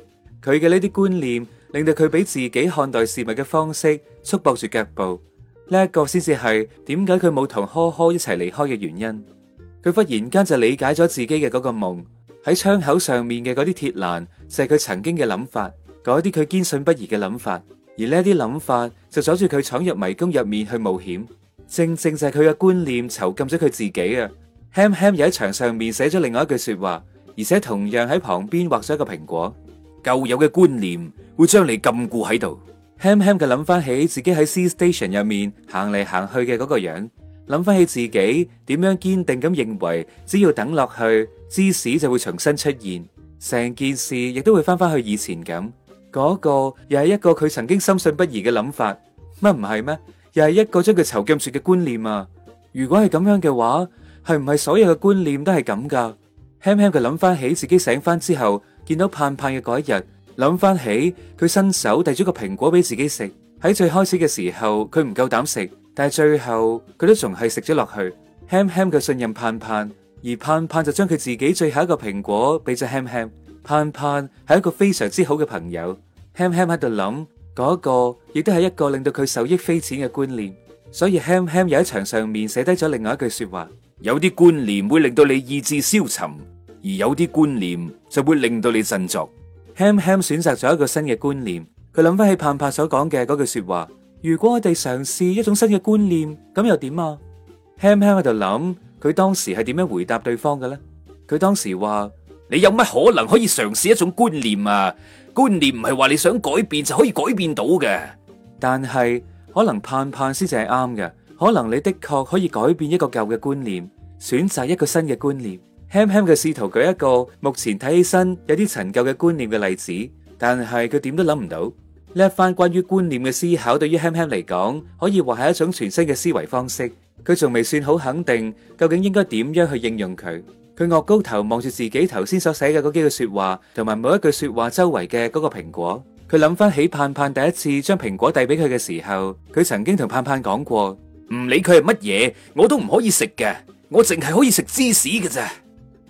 佢嘅呢啲觀念。令到佢俾自己看待事物嘅方式束縛住腳步，呢一個先至係點解佢冇同呵呵一齊離開嘅原因。佢忽然間就理解咗自己嘅嗰個夢，喺窗口上面嘅嗰啲鐵欄就係佢曾經嘅諗法，嗰啲佢堅信不疑嘅諗法，而呢啲諗法就阻住佢闖入迷宮入面去冒險。正正就係佢嘅觀念囚禁咗佢自己啊 [laughs] ！Hem Hem 又喺牆上面寫咗另外一句說話，而且同樣喺旁邊畫咗一個蘋果。舊有嘅觀念會將你禁錮喺度，輕輕嘅諗翻起自己喺 C Station 入面行嚟行去嘅嗰個樣，諗翻起自己點樣堅定咁認為，只要等落去，芝士就會重新出現，成件事亦都會翻翻去以前咁。嗰個又係一個佢曾經深信不疑嘅諗法，乜唔係咩？又係一個將佢囚禁住嘅觀念啊！如果係咁樣嘅話，係唔係所有嘅觀念都係咁噶？輕輕嘅諗翻起自己醒翻之後。見到盼盼嘅嗰一日，諗翻起佢伸手遞咗個蘋果俾自己食。喺最開始嘅時候，佢唔夠膽食，但係最後佢都仲係食咗落去。Hem Hem 嘅信任盼盼，而盼盼就將佢自己最後一個蘋果俾咗 Hem Hem。盼盼係一個非常之好嘅朋友。Hem Hem 喺度諗嗰個，亦都係一個令到佢受益匪淺嘅觀念。所以 Hem Hem 又喺牆上面寫低咗另外一句說話：有啲觀念會令到你意志消沉。而有啲觀念就會令到你振作。哼哼選擇咗一個新嘅觀念，佢諗翻起盼盼所講嘅嗰句說話：如果我哋嘗試一種新嘅觀念，咁又點啊？哼哼喺度諗，佢當時係點樣回答對方嘅咧？佢當時話：你有乜可能可以嘗試一種觀念啊？觀念唔係話你想改變就可以改變到嘅，但係可能盼盼先至係啱嘅。可能你的確可以改變一個舊嘅觀念，選擇一個新嘅觀念。香香嘅試圖舉一個目前睇起身有啲陳舊嘅觀念嘅例子，但係佢點都諗唔到呢一番關於觀念嘅思考對於，對於香香嚟講，可以話係一種全新嘅思維方式。佢仲未算好肯定究竟應該點樣去應用佢。佢愕高頭望住自己頭先所寫嘅嗰幾句說話，同埋每一句說話周圍嘅嗰個蘋果。佢諗翻起盼盼第一次將蘋果遞俾佢嘅時候，佢曾經同盼盼講過：唔理佢係乜嘢，我都唔可以食嘅，我淨係可以食芝士嘅咋。」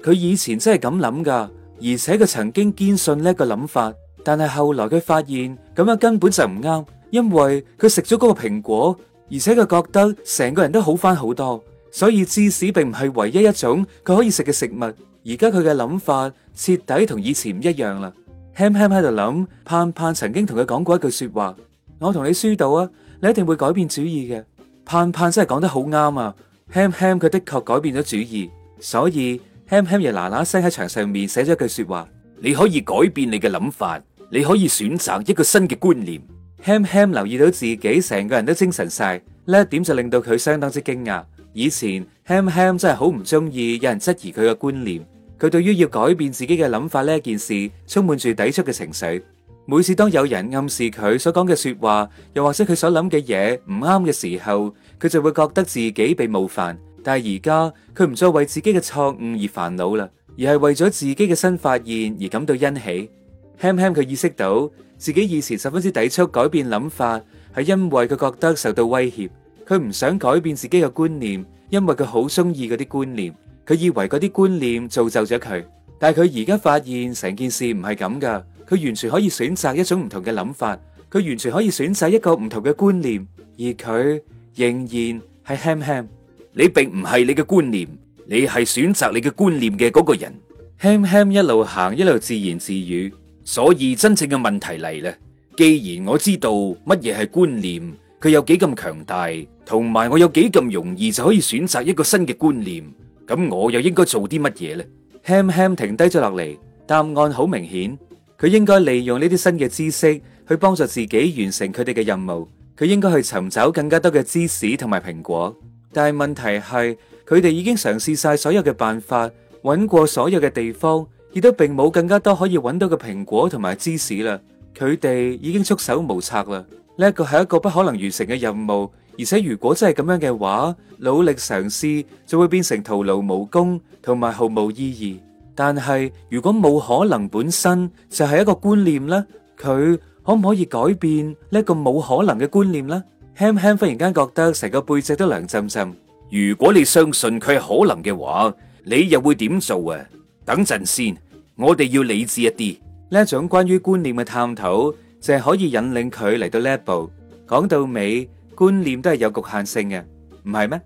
佢以前真係咁諗噶，而且佢曾經堅信呢一個諗法，但係後來佢發現咁樣根本就唔啱，因為佢食咗嗰個蘋果，而且佢覺得成個人都好翻好多，所以芝士並唔係唯一一種佢可以食嘅食物。而家佢嘅諗法徹底同以前唔一樣啦。哼哼喺度諗，盼 [noise] 盼曾經同佢講過一句說話：，我同你輸到啊，你一定會改變主意嘅。盼盼真係講得好啱啊。哼哼佢的確改變咗主意，所以。哼哼又嗱嗱聲喺牆上面寫咗句說話，你可以改變你嘅諗法，你可以選擇一個新嘅觀念。哼哼留意到自己成個人都精神晒，呢一點就令到佢相當之驚訝。以前，哼哼真係好唔中意有人質疑佢嘅觀念，佢對於要改變自己嘅諗法呢一件事充滿住抵觸嘅情緒。每次當有人暗示佢所講嘅說話，又或者佢所諗嘅嘢唔啱嘅時候，佢就會覺得自己被冒犯。但係而家佢唔再為自己嘅錯誤而煩惱啦，而係為咗自己嘅新發現而感到欣喜。哼哼，佢意識到自己以前十分之抵觸改變諗法，係因為佢覺得受到威脅，佢唔想改變自己嘅觀念，因為佢好中意嗰啲觀念，佢以為嗰啲觀念造就咗佢。但係佢而家發現成件事唔係咁㗎，佢完全可以選擇一種唔同嘅諗法，佢完全可以選擇一個唔同嘅觀念，而佢仍然係哼哼。Ham. 你並唔係你嘅觀念，你係選擇你嘅觀念嘅嗰個人。哼哼一路行，一路自言自語。所以真正嘅問題嚟咧，既然我知道乜嘢係觀念，佢有幾咁強大，同埋我有幾咁容易就可以選擇一個新嘅觀念，咁我又應該做啲乜嘢呢？哼哼停低咗落嚟，答案好明顯，佢應該利用呢啲新嘅知識去幫助自己完成佢哋嘅任務。佢應該去尋找更加多嘅芝士同埋蘋果。但係問題係，佢哋已經嘗試晒所有嘅辦法，揾過所有嘅地方，亦都並冇更加多可以揾到嘅蘋果同埋芝士啦。佢哋已經束手無策啦。呢一個係一個不可能完成嘅任務，而且如果真係咁樣嘅話，努力嘗試就會變成徒勞無功同埋毫無意義。但係如果冇可能本身就係一個觀念呢，佢可唔可以改變呢一個冇可能嘅觀念呢？哼哼忽然間覺得成個背脊都涼浸浸。如果你相信佢可能嘅話，你又會點做啊？等陣先，我哋要理智一啲。呢一種關於觀念嘅探討，就係可以引領佢嚟到呢一步。講到尾，觀念都係有局限性嘅，唔係咩？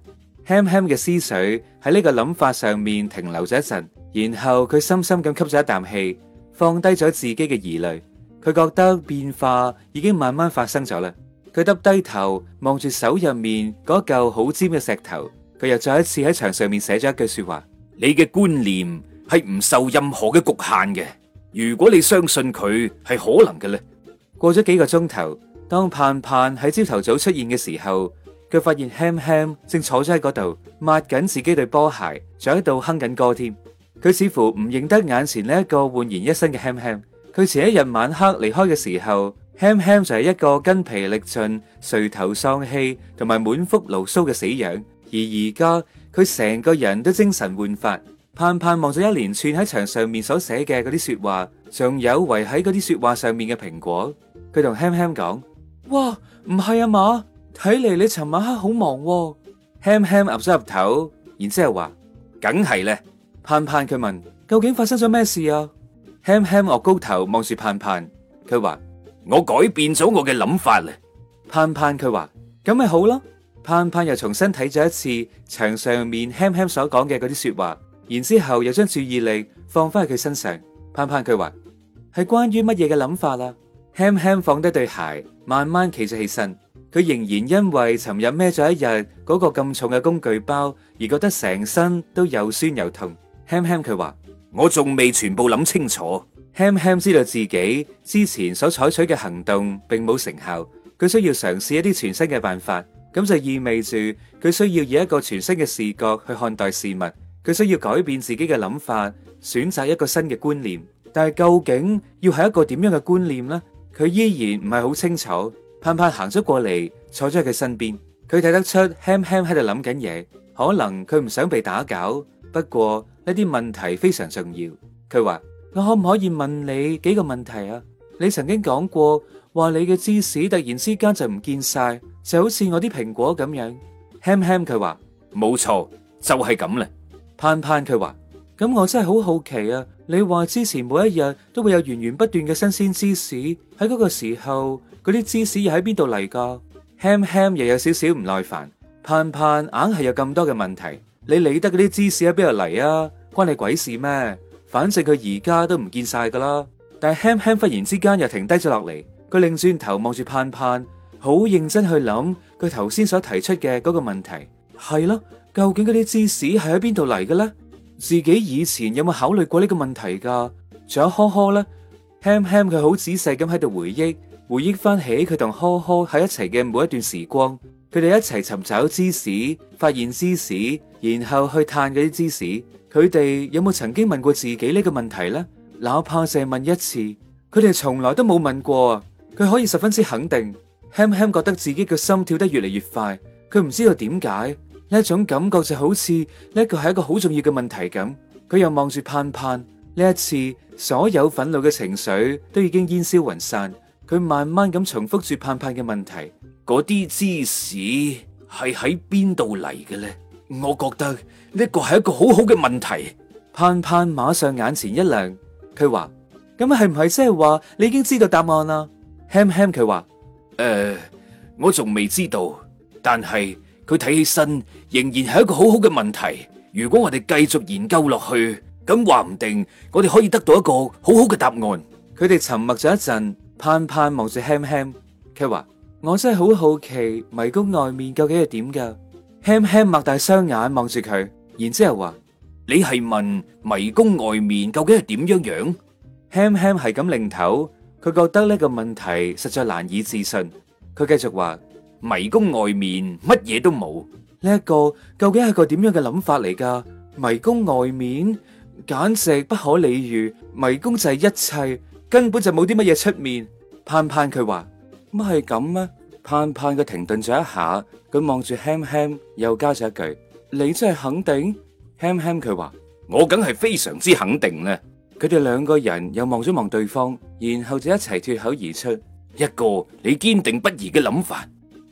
哼哼嘅思緒喺呢個諗法上面停留咗一陣，然後佢深深咁吸咗一啖氣，放低咗自己嘅疑慮。佢覺得變化已經慢慢發生咗啦。佢耷低頭望住手入面嗰嚿好尖嘅石頭，佢又再一次喺牆上面寫咗一句說話：你嘅觀念係唔受任何嘅局限嘅。如果你相信佢係可能嘅咧，過咗幾個鐘頭，當盼盼喺朝頭早出現嘅時候，佢發現 Ham Ham 正坐咗喺嗰度，抹緊自己對波鞋，仲喺度哼緊歌添。佢似乎唔認得眼前呢一個煥然一新嘅 Ham Ham。佢前一日晚黑離開嘅時候，Ham Ham 就係一個筋疲力盡、垂頭喪氣同埋滿腹牢騷嘅死樣，而而家佢成個人都精神煥發。盼盼望咗一連串喺牆上面所寫嘅嗰啲說話，仲有圍喺嗰啲說話上面嘅蘋果。佢同 Ham Ham 講：，哇，唔係啊嘛，睇嚟你尋晚黑好忙喎。Ham Ham 岌咗岌頭，然之後話：，梗係啦。盼盼佢問：，究竟發生咗咩事啊？Ham Ham 昂高頭望住盼盼，佢話。我改變咗我嘅諗法啦，盼盼佢話咁咪好咯。盼盼又重新睇咗一次牆上面 Ham Ham 所講嘅嗰啲說話，然之後又將注意力放翻喺佢身上。盼盼佢話係關於乜嘢嘅諗法啊 Ham Ham 放低對鞋，慢慢企咗起身，佢仍然因為尋日孭咗一日嗰個咁重嘅工具包而覺得成身都又酸又痛。Ham Ham 佢話我仲未全部諗清楚。哼哼知道自己之前所採取嘅行動並冇成效，佢需要嘗試一啲全新嘅辦法，咁就意味住佢需要以一個全新嘅視覺去看待事物，佢需要改變自己嘅諗法，選擇一個新嘅觀念。但係究竟要係一個點樣嘅觀念呢？佢依然唔係好清楚。盼盼行咗過嚟，坐咗喺佢身邊，佢睇得出哼哼喺度諗緊嘢，可能佢唔想被打攪。不過呢啲問題非常重要，佢話。我可唔可以問你幾個問題啊？你曾經講過話，你嘅芝士突然之間就唔見晒，就好似我啲蘋果咁樣。哼哼佢話冇錯，就係咁咧。盼盼佢話咁，我真係好好奇啊！你話之前每一日都會有源源不斷嘅新鮮芝士，喺嗰個時候，嗰啲芝士又喺邊度嚟噶？哼哼又有少少唔耐煩。盼盼硬係有咁多嘅問題，你理得嗰啲芝士喺邊度嚟啊？關你鬼事咩？反正佢而家都唔見晒噶啦，但係 Ham Ham 忽然之間又停低咗落嚟，佢擰轉頭望住盼盼，好認真去諗佢頭先所提出嘅嗰個問題。係咯，究竟嗰啲芝士係喺邊度嚟嘅咧？自己以前有冇考慮過呢個問題噶？仲有呵呵咧，Ham Ham 佢好仔細咁喺度回憶，回憶翻起佢同呵呵喺一齊嘅每一段時光，佢哋一齊尋找芝士，發現芝士，然後去嘆嗰啲芝士。佢哋有冇曾經問過自己呢個問題呢？哪怕淨係問一次，佢哋從來都冇問過。佢可以十分之肯定，哼哼 Ham 覺得自己嘅心跳得越嚟越快。佢唔知道點解呢一種感覺就好似呢個係一個好重要嘅問題咁。佢又望住盼盼，呢一次，所有憤怒嘅情緒都已經煙消雲散。佢慢慢咁重複住盼盼嘅問題：嗰啲芝士係喺邊度嚟嘅呢？我覺得。呢一個係一個好好嘅問題。盼盼馬上眼前一亮，佢話，咁係唔係即係話你已經知道答案啦？哼哼佢話，誒、呃，我仲未知道，但係佢睇起身仍然係一個好好嘅問題。如果我哋繼續研究落去，咁話唔定我哋可以得到一個好好嘅答案。佢哋沉默咗一陣，盼盼望住哼哼，佢話，我真係好好奇迷宮外面究竟係點噶？哼哼擘大雙眼望住佢。然之後話你係問迷宮外面究竟係點樣樣？Ham Ham 係咁擰頭，佢覺得呢個問題實在難以置信。佢繼續話迷宮外面乜嘢都冇，呢一個究竟係個點樣嘅諗法嚟㗎？迷宮外面簡直不可理喻，迷宮就係一切，根本就冇啲乜嘢出面。盼盼佢話乜係咁啊？盼盼佢停頓咗一下，佢望住 Ham Ham 又加咗一句。你真係肯定？Ham Ham 佢話我梗係非常之肯定咧。佢哋兩個人又望咗望對方，然後就一齊脫口而出：一個你堅定不移嘅諗法，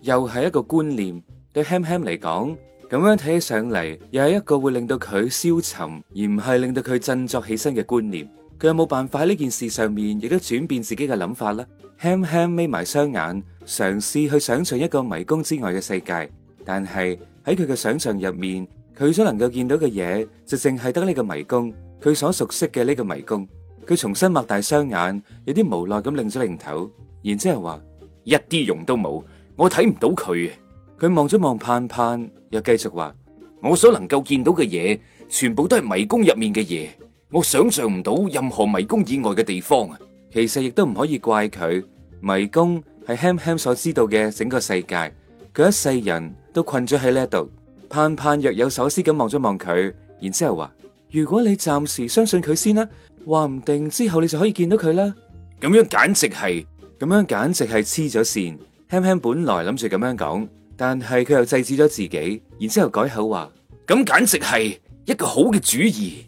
又係一個觀念。對 Ham Ham 嚟講，咁樣睇起上嚟，又係一個會令到佢消沉，而唔係令到佢振作起身嘅觀念。佢有冇辦法喺呢件事上面，亦都轉變自己嘅諗法呢？Ham Ham 眯埋雙眼，嘗試去想象一個迷宮之外嘅世界，但係。喺佢嘅想象入面，佢所能夠見到嘅嘢就淨係得呢個迷宮，佢所熟悉嘅呢個迷宮。佢重新擘大雙眼，有啲無奈咁擰咗擰頭，然之後話一啲用都冇，我睇唔到佢。佢望咗望盼盼，又繼續話：我所能夠見到嘅嘢，全部都係迷宮入面嘅嘢，我想象唔到任何迷宮以外嘅地方啊！其實亦都唔可以怪佢，迷宮係 Ham Ham 所知道嘅整個世界，佢一世人。都困咗喺呢度，盼盼若有所思咁望咗望佢，然之後話：如果你暫時相信佢先啦、啊，話唔定之後你就可以見到佢啦。咁樣簡直係，咁樣簡直係黐咗線。哼哼本來諗住咁樣講，但係佢又制止咗自己，然之後改口話：咁簡直係一個好嘅主意。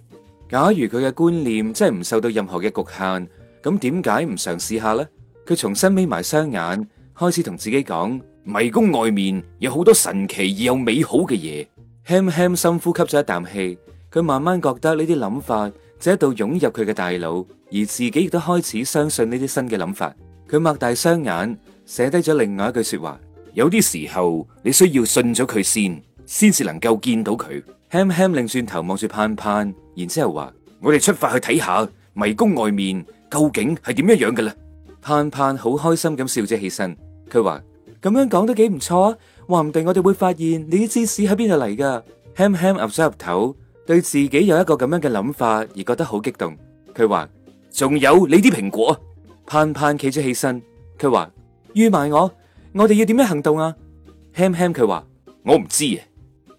假如佢嘅觀念真係唔受到任何嘅局限，咁點解唔嘗試下呢？佢重新眯埋雙眼，開始同自己講。迷宮外面有好多神奇而又美好嘅嘢。Ham Ham 深呼吸咗一啖氣，佢慢慢覺得呢啲諗法就喺度湧入佢嘅大腦，而自己亦都開始相信呢啲新嘅諗法。佢擘大雙眼，寫低咗另外一句說話：有啲時候你需要信咗佢先，先至能夠見到佢。Ham Ham 擰轉頭望住盼盼，然之後話：我哋出發去睇下迷宮外面究竟係點樣樣嘅啦！盼盼好開心咁笑咗起身，佢話。咁樣講都幾唔錯啊！話唔定我哋會發現你啲芝士喺邊度嚟噶。Ham Ham 岌咗岌頭，對自己有一個咁樣嘅諗法而覺得好激動。佢話：仲有你啲蘋果。盼盼企咗起身，佢話：預埋我，我哋要點樣行動啊？Ham Ham 佢話：我唔知啊。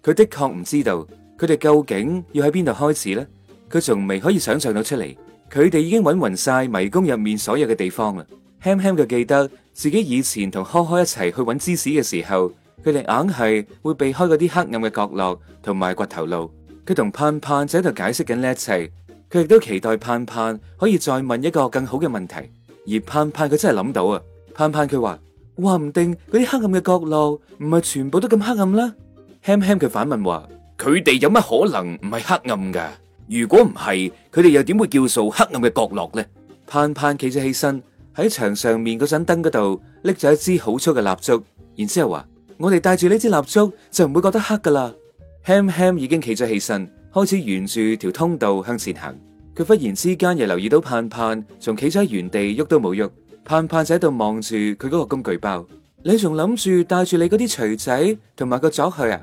佢的確唔知道，佢哋究竟要喺邊度開始咧？佢仲未可以想象到出嚟。佢哋已經搵匀晒迷宮入面所有嘅地方啦。Ham Ham 佢記得，自己以前同呵呵一齊去搵芝士嘅時候，佢哋硬係會避開嗰啲黑暗嘅角落同埋骨頭路。佢同盼盼仔喺度解釋緊呢一切，佢亦都期待盼盼可以再問一個更好嘅問題。而盼盼佢真係諗到啊！盼盼佢話：話唔定嗰啲黑暗嘅角落唔係全部都咁黑暗啦。輕輕佢反問話：佢哋有乜可能唔係黑暗噶？如果唔係，佢哋又點會叫做黑暗嘅角落咧？盼盼企咗起身。喺牆上面嗰盞燈嗰度，拎咗一支好粗嘅蠟燭，然之後話：我哋帶住呢支蠟燭就唔會覺得黑噶啦。Ham Ham 已經企咗起身，開始沿住條通道向前行。佢忽然之間又留意到盼盼仲企咗喺原地，喐都冇喐。盼盼仔喺度望住佢嗰個工具包，你仲諗住帶住你嗰啲錘仔同埋個鑿去啊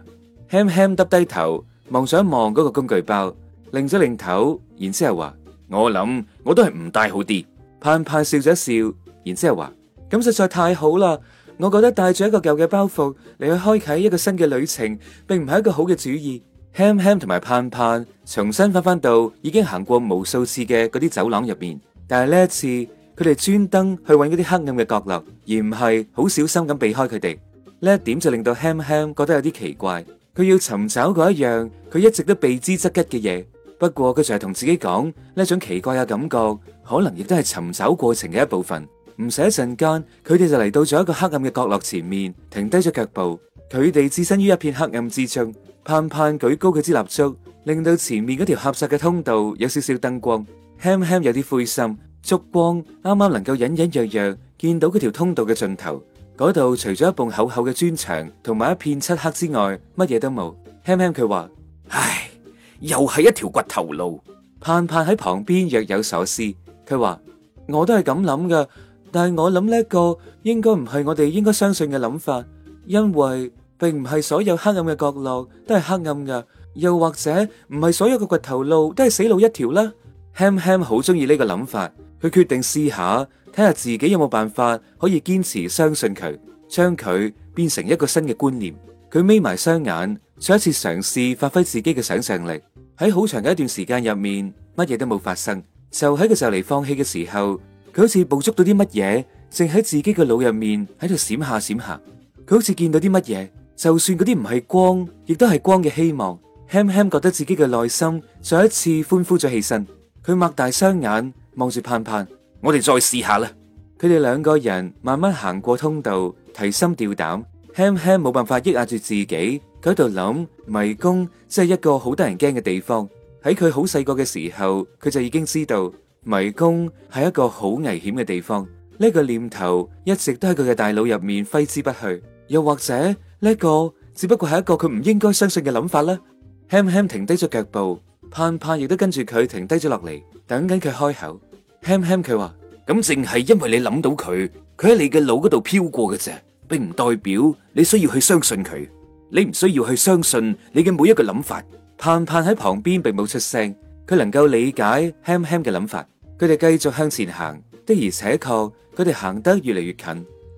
？Ham Ham 耷低頭望上一望嗰個工具包，擰咗擰頭，然之後話：我諗我都係唔帶好啲。盼盼笑咗笑，然之後話：咁實在太好啦！我覺得帶住一個舊嘅包袱嚟，去開啟一個新嘅旅程，並唔係一個好嘅主意。香香同埋盼盼重新翻返到已經行過無數次嘅嗰啲走廊入面。但係呢一次佢哋專登去搵嗰啲黑暗嘅角落，而唔係好小心咁避開佢哋。呢一點就令到香香 m 覺得有啲奇怪。佢要尋找嗰一樣，佢一直都避之則吉嘅嘢。不過佢就係同自己講，呢一種奇怪嘅感覺，可能亦都係尋找過程嘅一部分。唔使一陣間，佢哋就嚟到咗一個黑暗嘅角落前面，停低咗腳步。佢哋置身於一片黑暗之中，盼盼舉高佢支蠟燭，令到前面嗰條狹窄嘅通道有少少燈光。哼哼有啲灰心，燭光啱啱能夠隱隱約約見到嗰條通道嘅盡頭。嗰度除咗一埲厚厚嘅磚牆同埋一片漆黑之外，乜嘢都冇。哼哼佢話：，唉。又係一條掘頭路，盼盼喺旁邊若有所思。佢話：我都係咁諗噶，但係我諗呢個應該唔係我哋應該相信嘅諗法，因為並唔係所有黑暗嘅角落都係黑暗噶，又或者唔係所有嘅掘頭路都係死路一條啦。Ham Ham 好中意呢個諗法，佢決定試下睇下自己有冇辦法可以堅持相信佢，將佢變成一個新嘅觀念。佢眯埋雙眼，再一次嘗試發揮自己嘅想象力。喺好長嘅一段時間入面，乜嘢都冇發生，就喺佢就嚟放棄嘅時候，佢好似捕捉到啲乜嘢，正喺自己嘅腦入面喺度閃下閃下，佢好似見到啲乜嘢，就算嗰啲唔係光，亦都係光嘅希望。輕輕 [noise] 覺得自己嘅內心再一次歡呼咗起身，佢擘大雙眼望住盼盼，我哋再試下啦。佢哋兩個人慢慢行過通道，提心吊膽，輕輕冇辦法抑壓住自己。佢喺度諗迷宮，即係一個好得人驚嘅地方。喺佢好細個嘅時候，佢就已經知道迷宮係一個好危險嘅地方。呢個念頭一直都喺佢嘅大腦入面揮之不去。又或者呢個只不過係一個佢唔應該相信嘅諗法啦。輕輕停低咗腳步，盼盼亦都跟住佢停低咗落嚟，等緊佢開口。輕輕佢話：咁淨係因為你諗到佢，佢喺你嘅腦嗰度飄過嘅啫，並唔代表你需要去相信佢。你唔需要去相信你嘅每一個諗法。盼盼喺旁邊並冇出聲，佢能夠理解 Ham Ham 嘅諗法。佢哋繼續向前行，的而且確，佢哋行得越嚟越近。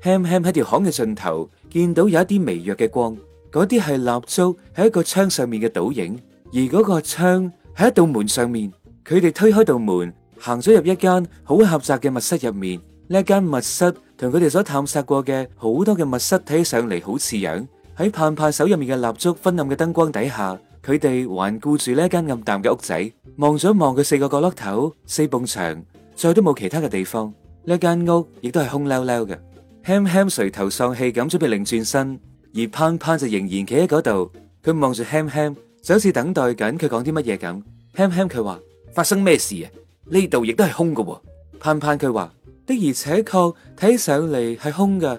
Ham Ham 喺條巷嘅盡頭見到有一啲微弱嘅光，嗰啲係蠟燭喺一個窗上面嘅倒影，而嗰個窗喺一道門上面。佢哋推開道門，行咗入一間好狹窄嘅密室入面。呢一間密室同佢哋所探索過嘅好多嘅密室睇上嚟好似樣。喺盼盼手入面嘅蠟燭昏暗嘅燈光底下，佢哋環顧住呢一間暗淡嘅屋仔，望咗望佢四個角落頭四埲牆，再都冇其他嘅地方。呢間屋亦都係空溜溜嘅。Ham Ham 垂頭喪氣咁準備擰轉身，而盼盼就仍然企喺嗰度，佢望住 Ham Ham 就好似等待緊佢講啲乜嘢咁。Ham Ham 佢話發生咩事啊？呢度亦都係空嘅。盼盼佢話的而且確睇上嚟係空嘅。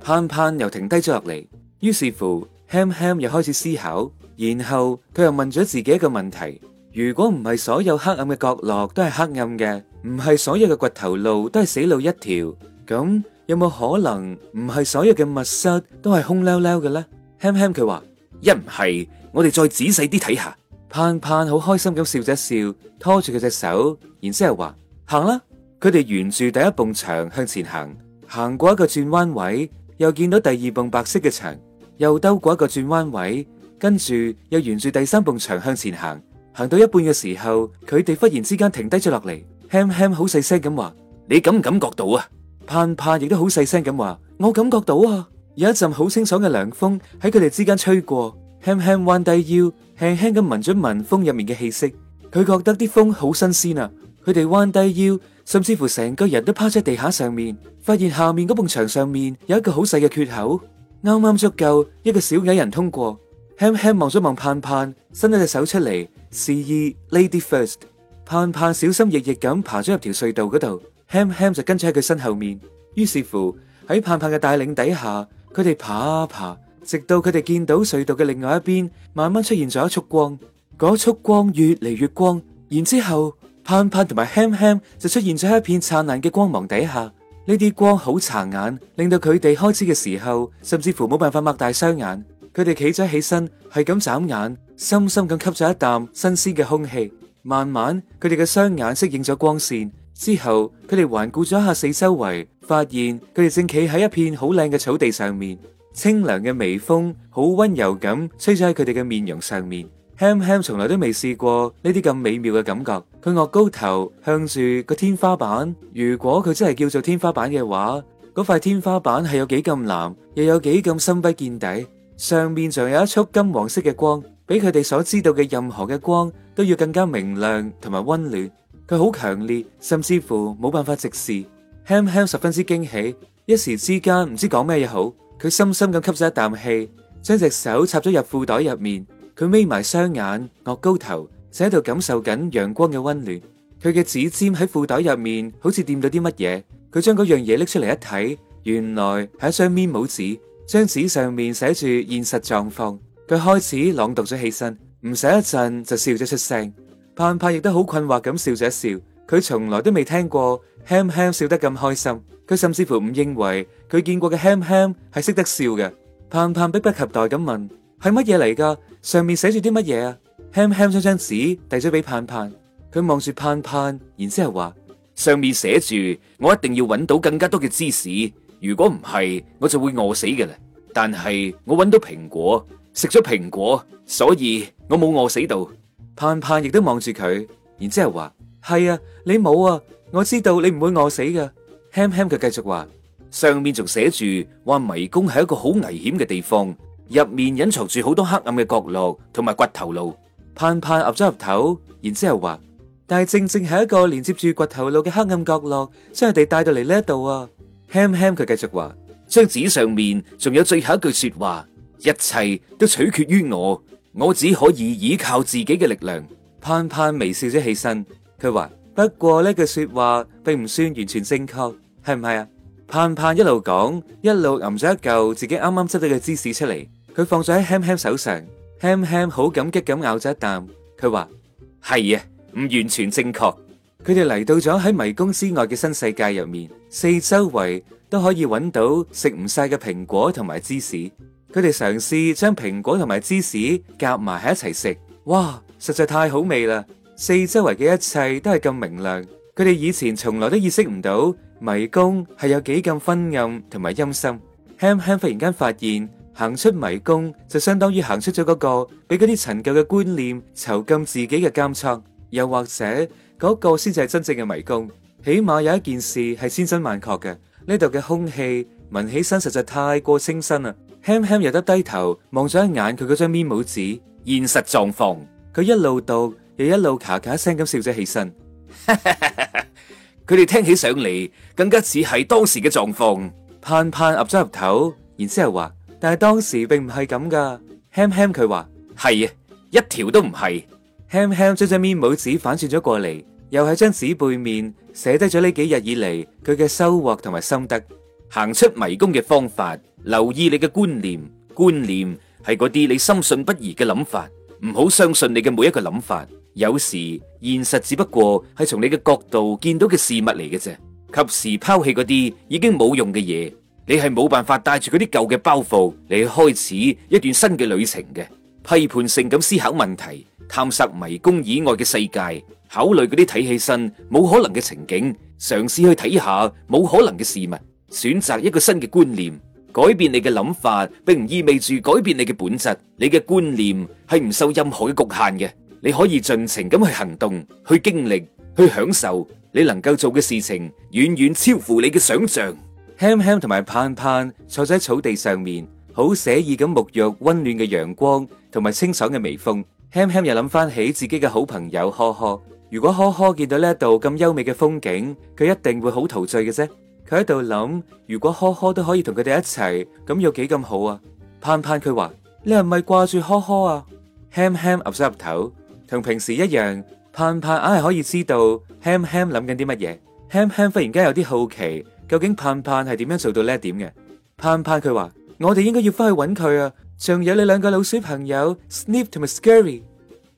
盼盼又停低咗落嚟。於是乎，Ham Ham 又開始思考，然後佢又問咗自己一個問題：如果唔係所有黑暗嘅角落都係黑暗嘅，唔係所有嘅掘頭路都係死路一條，咁有冇可能唔係所有嘅密室都係空溜溜嘅咧？Ham Ham 佢話：一唔係我哋再仔細啲睇下。盼盼好開心咁笑咗笑，拖住佢隻手，然之後話：行啦！佢哋沿住第一埲牆向前行，行過一個轉彎位，又見到第二埲白色嘅牆。又兜過一個轉彎位，跟住又沿住第三埲牆向前行。行到一半嘅時候，佢哋忽然之間停低咗落嚟，輕輕好細聲咁話： [noise] 你感唔感覺到啊？盼盼亦都好細聲咁話：我感覺到啊！有一陣好清爽嘅涼風喺佢哋之間吹過，輕輕彎低腰，輕輕咁聞咗聞風入面嘅氣息，佢覺得啲風好新鮮啊！佢哋彎低腰，甚至乎成個人都趴喺地下上面，發現下面嗰埲牆上面有一個好細嘅缺口。啱啱足夠一個小矮人通過，Ham Ham 望咗望盼盼，伸咗隻手出嚟示意 Lady First。盼盼小心翼翼咁爬咗入條隧道嗰度，Ham Ham 就跟住喺佢身後面。於是乎喺盼盼嘅帶領底下，佢哋爬啊爬，直到佢哋見到隧道嘅另外一邊，慢慢出現咗一束光。嗰束光越嚟越光，然之後盼盼同埋 Ham Ham 就出現咗喺一片燦爛嘅光芒底下。呢啲光好殘眼，令到佢哋開始嘅時候，甚至乎冇辦法擘大雙眼。佢哋企咗起身，係咁眨眼，深深咁吸咗一啖新鮮嘅空氣。慢慢，佢哋嘅雙眼適應咗光線之後，佢哋環顧咗一下四周圍，發現佢哋正企喺一片好靚嘅草地上面。清涼嘅微風，好溫柔咁吹咗喺佢哋嘅面容上面。Hamm Ham h 輕 m 從來都未試過呢啲咁美妙嘅感覺。佢昂高頭向住個天花板，如果佢真係叫做天花板嘅話，嗰塊天花板係有幾咁藍，又有幾咁深不見底。上面仲有一束金黃色嘅光，比佢哋所知道嘅任何嘅光都要更加明亮同埋溫暖。佢好強烈，甚至乎冇辦法直視。輕 m 十分之驚喜，一時之間唔知講咩嘢好。佢深深咁吸咗一啖氣，將隻手插咗入褲袋入面。佢眯埋雙眼，昂高頭，正喺度感受緊陽光嘅溫暖。佢嘅指尖喺褲袋入面好，好似掂到啲乜嘢。佢將嗰樣嘢拎出嚟一睇，原來係一張面紙。張紙上面寫住現實狀況。佢開始朗讀咗起身，唔使一陣就笑咗出聲。盼盼亦都好困惑咁笑咗一笑。佢從來都未聽過 Ham Ham 笑得咁開心。佢甚至乎唔認為佢見過嘅 Ham Ham 係識得笑嘅。盼盼迫不及待咁問。係乜嘢嚟噶？上面寫住啲乜嘢啊？哼哼將張紙遞咗俾盼盼，佢望住盼盼，然之後話：上面寫住我一定要搵到更加多嘅芝士，如果唔係，我就會餓死嘅啦。但係我搵到蘋果，食咗蘋果，所以我冇餓死到。盼盼亦都望住佢，然之後話：係啊，你冇啊，我知道你唔會餓死嘅。哼哼佢繼續話：上面仲寫住話迷宮係一個好危險嘅地方。入面隱藏住好多黑暗嘅角落同埋掘頭路，盼盼岌咗岌頭，然之後話，但係正正係一個連接住掘頭路嘅黑暗角落，將我哋帶到嚟呢一度啊。輕輕佢繼續話，張紙上面仲有最後一句說話，一切都取決於我，我只可以依靠自己嘅力量。盼盼微笑咗起身，佢話不過呢句說話並唔算完全正確，係唔係啊？盼盼一路講，一路揞咗一嚿自己啱啱執到嘅芝士出嚟。佢放咗喺 Ham Ham 手上，Ham Ham 好感激咁咬咗一啖。佢話，係啊，唔完全正確。佢哋嚟到咗喺迷宮之外嘅新世界入面，四周圍都可以揾到食唔晒嘅蘋果同埋芝士。佢哋嘗試將蘋果同埋芝士夾埋喺一齊食，哇，實在太好味啦！四周圍嘅一切都係咁明亮，佢哋以前從來都意識唔到迷宮係有幾咁昏暗同埋陰森。Ham Ham 忽然間發現。行出迷宮就相當於行出咗嗰個，俾嗰啲陳舊嘅觀念囚禁自己嘅監倉，又或者嗰個先至係真正嘅迷宮。起碼有一件事係千真萬確嘅，呢度嘅空氣聞起身實在太過清新啊！輕輕又得低頭望咗一眼佢嗰張咪冇紙現實狀況，佢一路讀又一路咔咔聲咁笑咗起身，佢哋聽起上嚟更加似係當時嘅狀況。 [laughs] 盼盼岌咗岌頭，然之後話。但係當時並唔係咁噶，哼哼，佢話係啊，一條都唔係。哼哼將張咪報紙反轉咗過嚟，又喺張紙背面寫低咗呢幾日以嚟佢嘅收穫同埋心得，行出迷宮嘅方法。留意你嘅觀念，觀念係嗰啲你深信不疑嘅諗法，唔好相信你嘅每一個諗法。有時現實只不過係從你嘅角度見到嘅事物嚟嘅啫。及時拋棄嗰啲已經冇用嘅嘢。你係冇辦法帶住嗰啲舊嘅包袱嚟開始一段新嘅旅程嘅。批判性咁思考問題，探索迷宮以外嘅世界，考慮嗰啲睇起身冇可能嘅情景，嘗試去睇下冇可能嘅事物，選擇一個新嘅觀念，改變你嘅諗法，並唔意味住改變你嘅本質。你嘅觀念係唔受任何嘅局限嘅。你可以盡情咁去行動、去經歷、去享受你能夠做嘅事情，遠遠超乎你嘅想象。Ham Ham 同埋盼盼坐咗喺草地上面，好寫意咁沐浴溫暖嘅陽光同埋清爽嘅微風。Ham Ham 又諗翻起自己嘅好朋友呵呵，如果呵呵見到呢一度咁優美嘅風景，佢一定會好陶醉嘅啫。佢喺度諗，如果呵呵都可以同佢哋一齊，咁有幾咁好啊？盼盼佢話：你係咪掛住呵呵啊？Ham Ham 岌咗岌頭，同平時一樣。盼盼硬係可以知道 Ham Ham 諗緊啲乜嘢。Ham Ham 忽然間有啲好奇。究竟盼盼係點樣做到呢一點嘅？盼盼佢話：我哋應該要翻去揾佢啊！仲有你兩個老鼠朋友，Snip 同埋 Scary。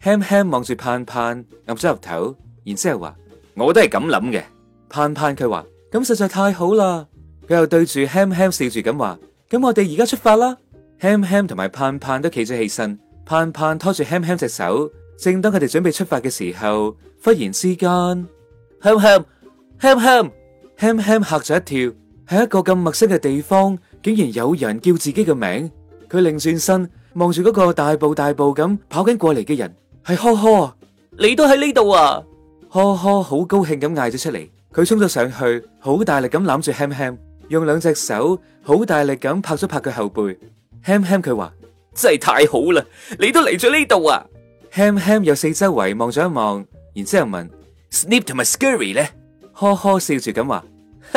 Ham Ham 望住盼盼，岌咗岌頭，然之後話：我都係咁諗嘅。盼盼佢話：咁實在太好啦！佢又對住 Ham Ham 笑住咁話：咁我哋而家出發啦！Ham Ham 同埋盼盼都企咗起身，盼盼拖住 Ham Ham 隻手。正當佢哋準備出發嘅時候，忽然之間，Ham Ham，Ham Ham。Ham Ham 嚇咗一跳，喺一個咁陌生嘅地方，竟然有人叫自己嘅名。佢擰轉身望住嗰個大步大步咁跑緊過嚟嘅人，係珂珂，你都喺呢度啊！珂珂好高興咁嗌咗出嚟，佢衝咗上去，好大力咁攬住 Ham Ham，用兩隻手好大力咁拍咗拍佢後背。Ham Ham 佢話：真係太好啦，你都嚟咗呢度啊！Ham Ham 又四周圍望咗一望，然之後問：Sniff 同埋 Scurry 咧？珂珂笑住咁話。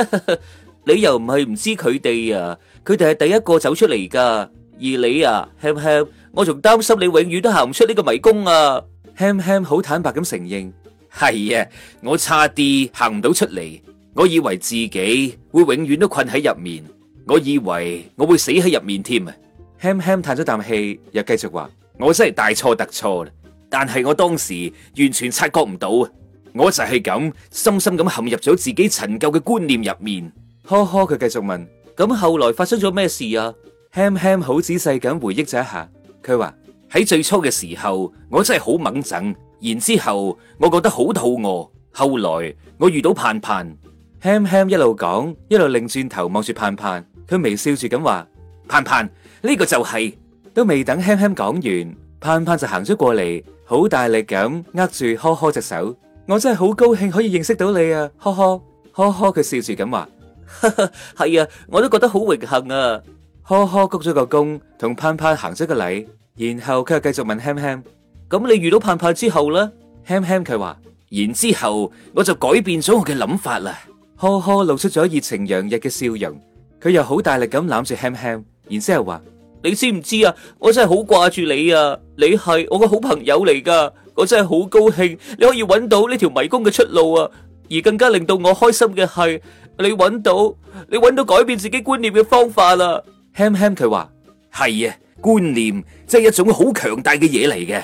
[laughs] 你又唔係唔知佢哋啊？佢哋係第一個走出嚟噶，而你啊，Ham Ham，我仲擔心你永遠都行唔出呢個迷宮啊！Ham Ham 好坦白咁承認，係啊，我差啲行唔到出嚟，我以為自己會永遠都困喺入面，我以為我會死喺入面添啊！Ham Ham 嘆咗啖氣，又繼續話：我真係大錯特錯啦，但係我當時完全察覺唔到啊！我就係咁深深咁陷入咗自己陳舊嘅觀念入面。呵呵，佢繼續問：咁後來發生咗咩事啊？Ham Ham 好仔細咁回憶咗一下，佢話喺最初嘅時候，我真係好猛憎，然之後，我覺得好肚餓。後來，我遇到盼盼。Ham Ham 一路講，一路擰轉頭望住盼盼，佢微笑住咁話：盼盼，呢個就係。都未等 Ham Ham 講完，盼盼就行咗過嚟，好大力咁握住呵呵隻手。我真係好高興可以認識到你啊，呵呵。呵呵，佢笑住咁話係啊，我都覺得好榮幸啊。呵呵鞠咗個躬，同盼盼行咗個禮，然後佢又繼續問哼哼咁你遇到盼盼之後咧？哼哼佢話然之後我就改變咗我嘅諗法啦。呵呵露出咗熱情洋溢嘅笑容，佢又好大力咁攬住哼哼，然之後話你知唔知啊？我真係好掛住你啊，你係我嘅好朋友嚟噶。我真係好高興，你可以揾到呢條迷宮嘅出路啊！而更加令到我開心嘅係，你揾到你揾到改變自己觀念嘅方法啦。哼哼佢話係啊，觀念真係一種好強大嘅嘢嚟嘅。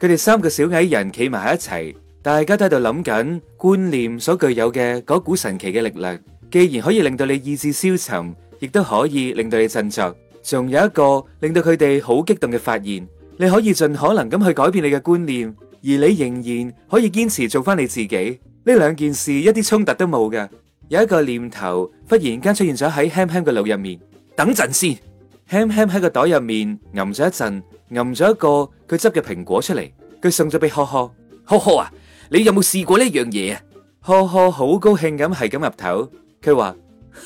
佢哋三個小矮人企埋喺一齊，大家都喺度諗緊觀念所具有嘅嗰股神奇嘅力量。既然可以令到你意志消沉，亦都可以令到你振作。仲有一個令到佢哋好激動嘅發現，你可以盡可能咁去改變你嘅觀念。而你仍然可以堅持做翻你自己，呢兩件事一啲衝突都冇嘅。有一個念頭忽然間出現咗喺輕輕嘅腦入面，等陣先。輕輕喺個袋入面吟咗一陣，揞咗一個佢執嘅蘋果出嚟，佢送咗俾呵呵。呵呵啊，你有冇試過呢樣嘢啊？呵呵好高興咁係咁岌頭，佢話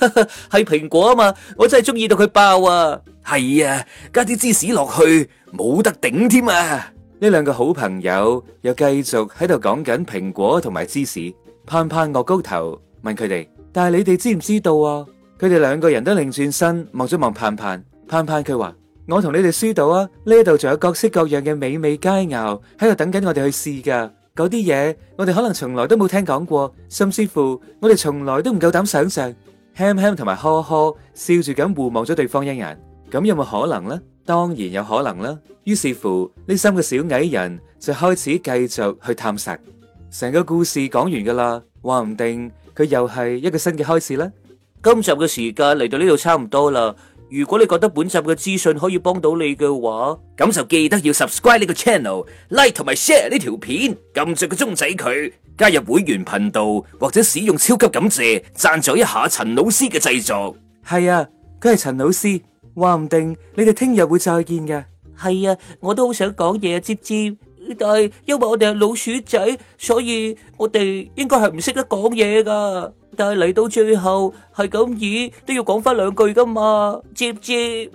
呵呵，係蘋果啊嘛，我真係中意到佢爆啊。係啊，加啲芝士落去冇得頂添啊！呢兩個好朋友又繼續喺度講緊蘋果同埋芝士。盼盼岳高頭問佢哋：但係你哋知唔知道啊？佢哋兩個人都擰轉身望咗望盼盼。盼盼佢話：我同你哋知到啊！呢度仲有各式各樣嘅美味佳肴喺度等緊我哋去試噶。嗰啲嘢我哋可能從來都冇聽講過，甚至乎我哋從來都唔夠膽想象。喊喊同埋呵呵笑住咁互望咗對方一眼，咁有冇可能呢？當然有可能啦。於是乎，呢三個小矮人就開始繼續去探索。成個故事講完噶啦，話唔定佢又係一個新嘅開始啦。今集嘅時間嚟到呢度差唔多啦。如果你覺得本集嘅資訊可以幫到你嘅話，咁就記得要 subscribe 呢個 channel、like 同埋 share 呢條片，撳着個鐘仔佢，加入會員頻道或者使用超級感謝贊助一下陳老 C 嘅製作。係啊，佢係陳老 C。話唔定你哋聽日會再見嘅。係啊，我都好想講嘢啊，接接，但係因為我哋係老鼠仔，所以我哋應該係唔識得講嘢噶。但係嚟到最後，係咁咦，都要講翻兩句噶嘛，接接。